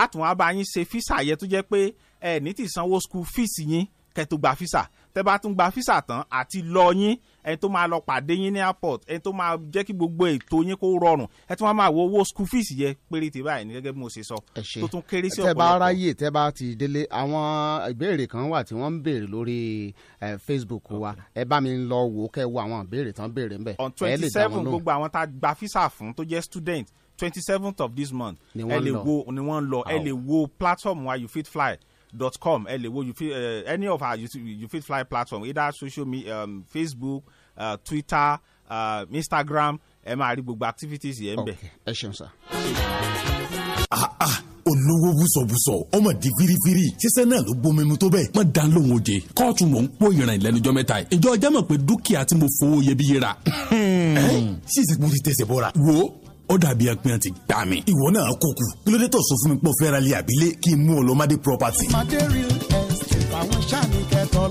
Speaker 11: àtúnwá bá yín ṣe físà yẹ tó jẹ́ pé ẹ ní ti sanwó school fees yín kẹ́ físà tẹ́ bá tún gba físà tán àti lọ yín ẹni tó máa lọ pàdé yín ní airport ẹni tó máa jẹ́ kí gbogbo ètò yín kó rọrùn ẹ tún wá máa wo owó school fees yẹ péréte báyìí ní gẹ́gẹ́ bí mo ṣe sọ
Speaker 4: tó tún kéré sí ọ̀pọ̀lọpọ̀. tẹ́ bá ráyè tẹ́ bá ti délé àwọn ìbéèrè kan wà tí wọ́n ń béèrè lórí Facebook wa ẹ bá mi lọ wò kẹ́ wo àwọn ìbéèrè tán béèrè ńbẹ̀ on twenty seven gbogbo
Speaker 11: àwọn tá a gba físà fún tó jẹ́ student twenty seventh of this month ẹ lè wo ni wọ́n lọ ẹ lè wo platform wa you fit fly dot com ẹ you fit uh, any of our you, you fit fly platform either social media um, facebook uh, twitter uh, instagram ẹ máa rí gbogbo activities yẹn bẹ. ẹ ṣeun sá.
Speaker 8: Ah, ah, olówó búsọ̀búsọ̀ ọmọ di firifiri ṣiṣẹ́ náà ló gbó mímu tó bẹ́ẹ̀. má da lóhùn oje kóòtù mò ń pò ìrìn lẹ́nujọ́ mẹ́ta yìí ìjọ ọjà mọ̀ pé dúkìá tí mo fowó iyebíye rà. Hmm. ṣíṣe kúrò tẹsẹ̀ bọ́ra. wo ó dàbí apẹ́yàn ti gbà mí. ìwọ náà kókù kí ló dé tó sọ fún mi pé o fẹ́ ra kí n mú ọ property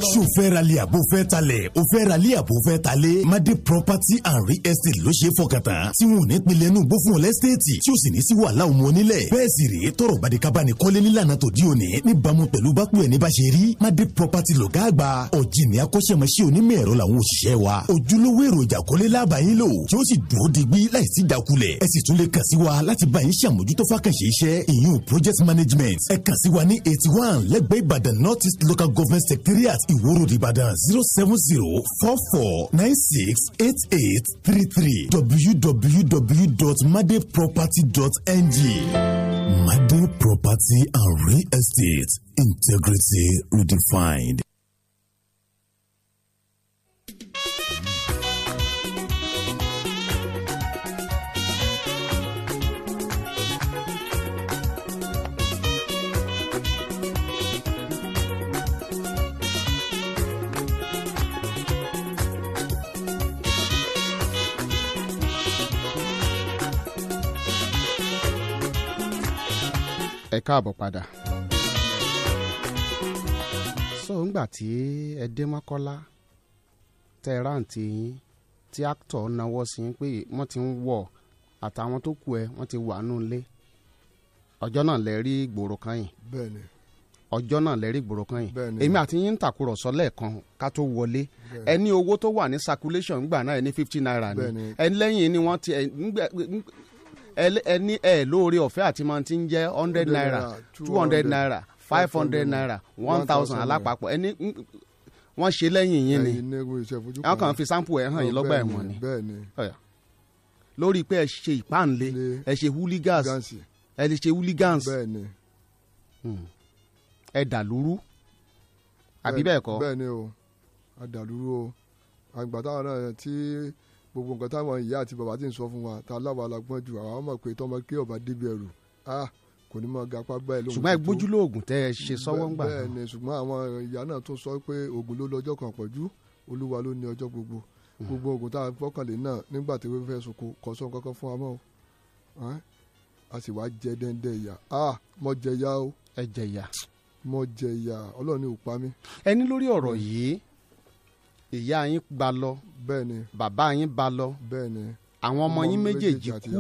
Speaker 8: lọ. ṣó fẹ́ ralẹ̀ àbò fẹ́ talẹ̀ o fẹ́ ralẹ̀ àbò fẹ́ talẹ̀ madi property and real estate ló ṣe fọkàn tán tí wọn ò ní pilẹ̀ inú bó fún ọ lẹ́sítẹ́ẹ̀tì tí o sì ní sí wàhálà òun onílẹ̀ bẹ́ẹ̀ sì rèé tọrọ badikaba ni kọ́lé nílànà tó di òní níbàámu pẹ̀lú bákú ẹ̀ ní bá ṣe rí madi property lọ̀gá àgbà ọ̀jìnì akọ́ṣẹ́mọṣẹ́ onímọ̀ ẹ̀rọ làwọn òṣìṣẹ́ wa ojúlówó èròjà kọ́lé lába yín lò tí ó sì dúró digbí láìsí ìdákulẹ̀ ẹ sì tún lè kàn sí wa láti bá yín ṣàmójútó fàkànṣe iṣẹ́ ìyún project management ẹ kàn sí wa ní eighty one lẹ́gbẹ̀ẹ́ Ìbàdàn North East Local Government Secretariat ìwó road ìbàdàn zero seven zero four four nine six eight eight three three www.madeproperty.ng Made Property and Real Estate Integrity Redefined.
Speaker 4: ẹ káàbọ̀ padà. so ńgbà tí ẹ dé mọ́kọ́lá tẹ yín tí actor náwó sí yín pé wọ́n ti ń wọ̀ àtàwọn tó kù ẹ wọ́n ti wà nù lé ọjọ́ náà lẹ rí ìgboro kan yìí. bẹ́ẹ̀ni ọjọ́ náà lẹ́rí ìgboro kan yìí èmi àti yín ń tàkúrọ̀sọ lẹ́ẹ̀kan ká tó wọlé ẹ owó tó wà ní circulation gbà náà ẹ ní fifty naira ni ẹ lẹ́yìn ni wọ́n ti ẹ ní ẹ lóore ọ̀fẹ́ àti máa ti ń jẹ́ hundred naira two hundred naira five hundred naira one thousand alápapọ̀ ẹni wọ́n ṣe lẹ́yìn yín
Speaker 5: ni wọ́n kàn fi sample ẹ̀ hàn yín lọ́gbà ẹ̀wọ̀n ni
Speaker 4: lórí pé ẹ ṣe ìpáǹle ẹ ṣe hooligans ẹ lè ṣe hooligans hmm. ẹ dàlúrú àbí bẹ́ẹ̀ kọ́. bẹ́ẹ̀
Speaker 5: ni o a dàlúrú o àgbàtà náà tí gbogbo nǹkan táwọn ìyá àti bàbá ti ń sọ fún wa ta láwa la gbọ́n ju àwọn mọ̀ pé tọ́mọ kí ọba débi ẹ̀rù ah kò ní mọ gapá gbá ẹ lóhun. ṣùgbọ́n ìgbójúlé
Speaker 4: oògùn tẹ ẹ ṣe sọ́wọ́ ńgbà. bẹ́ẹ̀
Speaker 5: ni ṣùgbọ́n àwọn ìyá náà tún sọ pé oògùn ló lọ́jọ́ kan pọ̀jú olúwa ló ní ọjọ́ gbogbo hmm. gbogbo oògùn tá a fọkànlé náà nígbà tí wọ́n fẹ́ sunko kò sọ nǹkan fún wa mọ́ o a sì wá jẹ dẹ́ndẹ́ ìyá ah jẹ ya o. ẹ jẹ ya. mo jẹ ya
Speaker 4: ọlọ́run ò pa mí. ẹni lórí ọ̀rọ̀ hmm. yìí ìyá yín bá lọ bẹ́ẹ̀ni bàbá yín bá lọ bẹ́ẹ̀ni àwọn ọmọ yín méjèèjì kú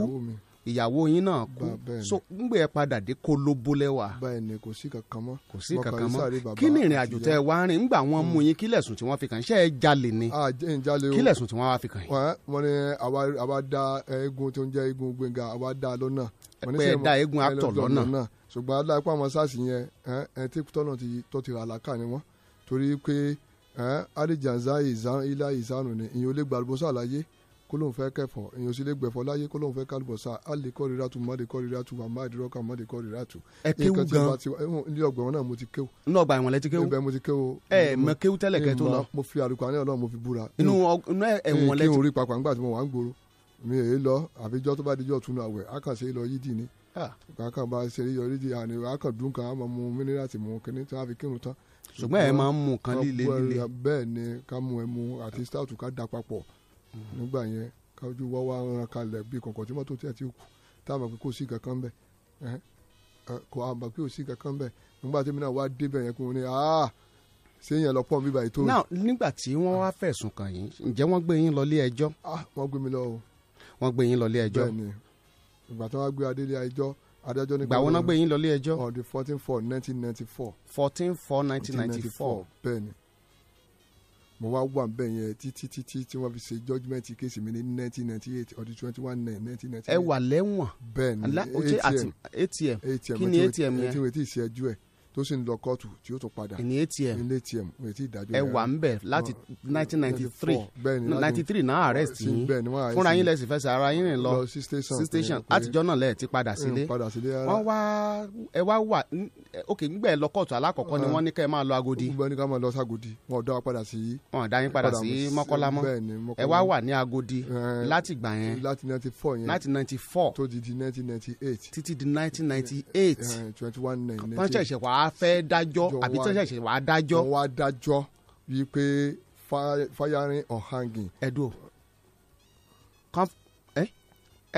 Speaker 4: ìyàwó yín náà kú so ngbé ẹ padà dé kólóbó lẹ́wà. bẹ́ẹ̀ni kò sí kankan mọ́ kò sí kankan mọ́ kí ni ìrìn àjò tẹ wá rìn ngbà wọn mú yín kí tí wọ́n fi kàn ṣe é jalè
Speaker 5: ni kí lẹ̀sùn tí wọ́n wá fi kàn yín. wọ́n ní àwa da eégún tó ń jẹ́ eégún Gbénga àwa da lọ́nà. pé da eégún atọ̀ lọ́nà. ṣùgbọ́n aláìpá àwọn sars yẹn ẹ tí tọ́nà tó ti rà àlàkà ni wọ́n torí pé alijanza ìzán ilá ìzánu ni ìyẹn ò lè gba àlùbọ́sà láyé kó lóun fẹ́ kẹfọ́ ìyẹn ò sì lè gbẹ̀fọ́ láyé kó tu mọ́dé kọ́rìíra tu àmọ́ àdìrọ́kà tu. ẹ kéwù gan ilé ọgbà wọn náà mo ti kéwù. inú ọgbà ìwọ̀n lẹ ti kéwù. ibẹ̀ mo ti kéwù. ẹ mọ kéwù tẹ́lẹ̀ kẹ́ tó lọ. mo fi àlùkànní Ọlọ́run mo fi búra. inú ẹ̀wọ̀n lẹ ti. kí n rí papà ńgbà tí mo wà ń gbòòrò mi èé lọ àfijọ́ tó bá di àná àkàndùn kan àmọ́ á fi ṣùgbọ́n ẹ máa ń mu kan líle líle. bẹ́ẹ̀ ni ká mu ẹmu àti stout ká da papọ̀ hmm. nígbà yẹn kájú wá wá ran kalẹ̀ bí kọ̀ọ̀kan tí mọ́tò tí a ti kù tá a mọ̀ pé kò sí kankan bẹ́ẹ̀ kò a mọ̀ pé kò sí kankan bẹ́ẹ̀ nígbà tí mi náà wá débẹ̀ yẹn kò ní aa ṣé yẹn lọ pọ̀ mi báyìí tó. náà
Speaker 4: nígbà tí wọ́n wá fẹ̀sùn kàn yín ǹjẹ́ wọ́n gbé yín lọ ilé ẹjọ́. Ah, wọ́n gbé mi lọ o. wọ́n gbé yín lọ ilé ẹjọ́. bẹ́ẹ̀ ni ìgbà tí wọ́n gbé
Speaker 5: adélé ẹjọ́ adájọ́ ní. gbàwọ́n náà gbé yín lọ ẹjọ́. on the fourteen four nineteen ninety four. fourteen four nineteen ninety four. bẹ́ẹ̀ ni mo wá wà bẹ́ẹ̀ yẹn títí títí tí wọ́n fi ṣe judgement case mi ní nineteen ninety eight ọdún twenty one nine nineteen ninety eight. ẹ wà lẹ́wọ̀n. bẹ́ẹ̀ ni atm
Speaker 4: atm kí ni atm yẹn. atm
Speaker 5: ti ṣe ẹjọ́ ẹ̀ tó sì ń lọ kóòtù tí ó tún padà ní atm ní atm wọ́n ti dájọ́ ẹ wà ń bẹ̀ láti nineteen ninety three ninety three
Speaker 4: náà arrest yín fúnra yín lẹ́sìn fẹsẹ̀ ara yín rìn lọ sí station àtijọ́ náà lẹ́ẹ̀ ti padà sílé wọ́n wá ẹ wá wà ok ngbẹ́ lọ kóòtù alákọ̀ọ́kọ́ ni wọ́n ní kẹ́ ẹ máa lọ agodi. wọ́n ní ká máa lọ ságodi wọn ò dá wa padà sí. wọn ò dá yín padà sí mọ́kọ́lá mọ́
Speaker 5: ẹ wá wà ní agodi láti gbà yẹn láti ninety four yẹn láti ninety four tó di di nineteen ninety eight títí di nineteen ninety eight twenty one nine ninety eight
Speaker 4: wàá fẹ́ dájọ́ àbí tí
Speaker 5: wọ́n ṣẹ̀ṣẹ̀ wàá dájọ́. wọ́n wá dájọ́ bíi pé firing or hanging. ẹ̀dùn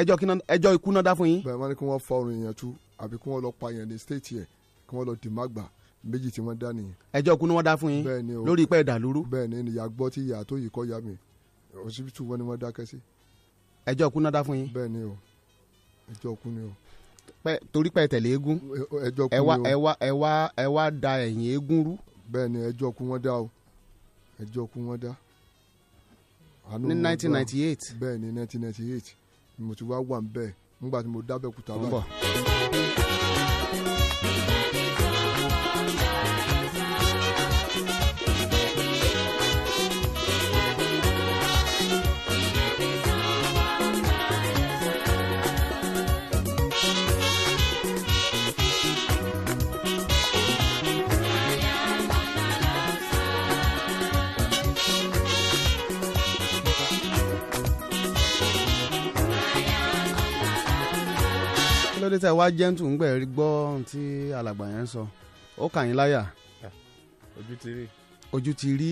Speaker 5: ẹjọ́ kí náà ẹjọ́ ikú náà dá fún yín. bẹ́ẹ̀ wọ́n ní kí wọ́n fọ èèyàn tú àbí kí wọ́n lọ pa èèyàn ní state yẹn kí wọ́n lọ dìmágbà méjì tí wọ́n dá nìyẹn. ẹjọ́ ikú ni wọ́n dá fún yín lórí ipẹ́ ìdàlúrú. bẹ́ẹ̀ ni ìyá gbọ́ tí ìyá tó yìí kọ́ ya mi òsibítù wọn ni wọ́n dákẹ́ sí. ẹjọ́ ikú náà dá fún yín. bẹ́ẹ̀ ni o ẹjọ́ ikú ni o.
Speaker 4: torí pé tẹ̀lé eégún
Speaker 5: ẹ wá ẹ da ẹ̀yìn eégún rú. bẹ́ẹ̀ ni ẹjọ́ kú wọ́n dá o ẹjọ́ kú wọ́n dá. ní nineteen ninety eight. bẹ́ẹ̀ ni nineteen ninety eight mo ti wá wà ń bẹ́ẹ̀ nígbà tí mo dábẹ́ kúta báyìí.
Speaker 4: ló tẹ wá jẹ́ǹtù ń gbẹ̀ gbọ́ tí alàgbà yẹn sọ ó kà yín láyà.
Speaker 10: Ah, ojú ti rí.
Speaker 4: ojú ti rí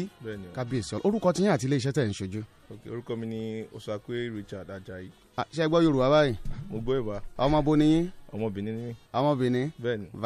Speaker 4: kábíyèsí orúkọ tiyín àti iléeṣẹ́ tẹ̀ ń ṣojú.
Speaker 10: orúkọ mi ni osakwe Richard Ajayi.
Speaker 4: Ah, ṣé ẹ gbọ́ Yorùbá báyìí. mo gbọ́ Yorùbá. ọmọ bo ni yín. ọmọ Benin ni. ọmọ Benin. bẹ́ẹ̀ni.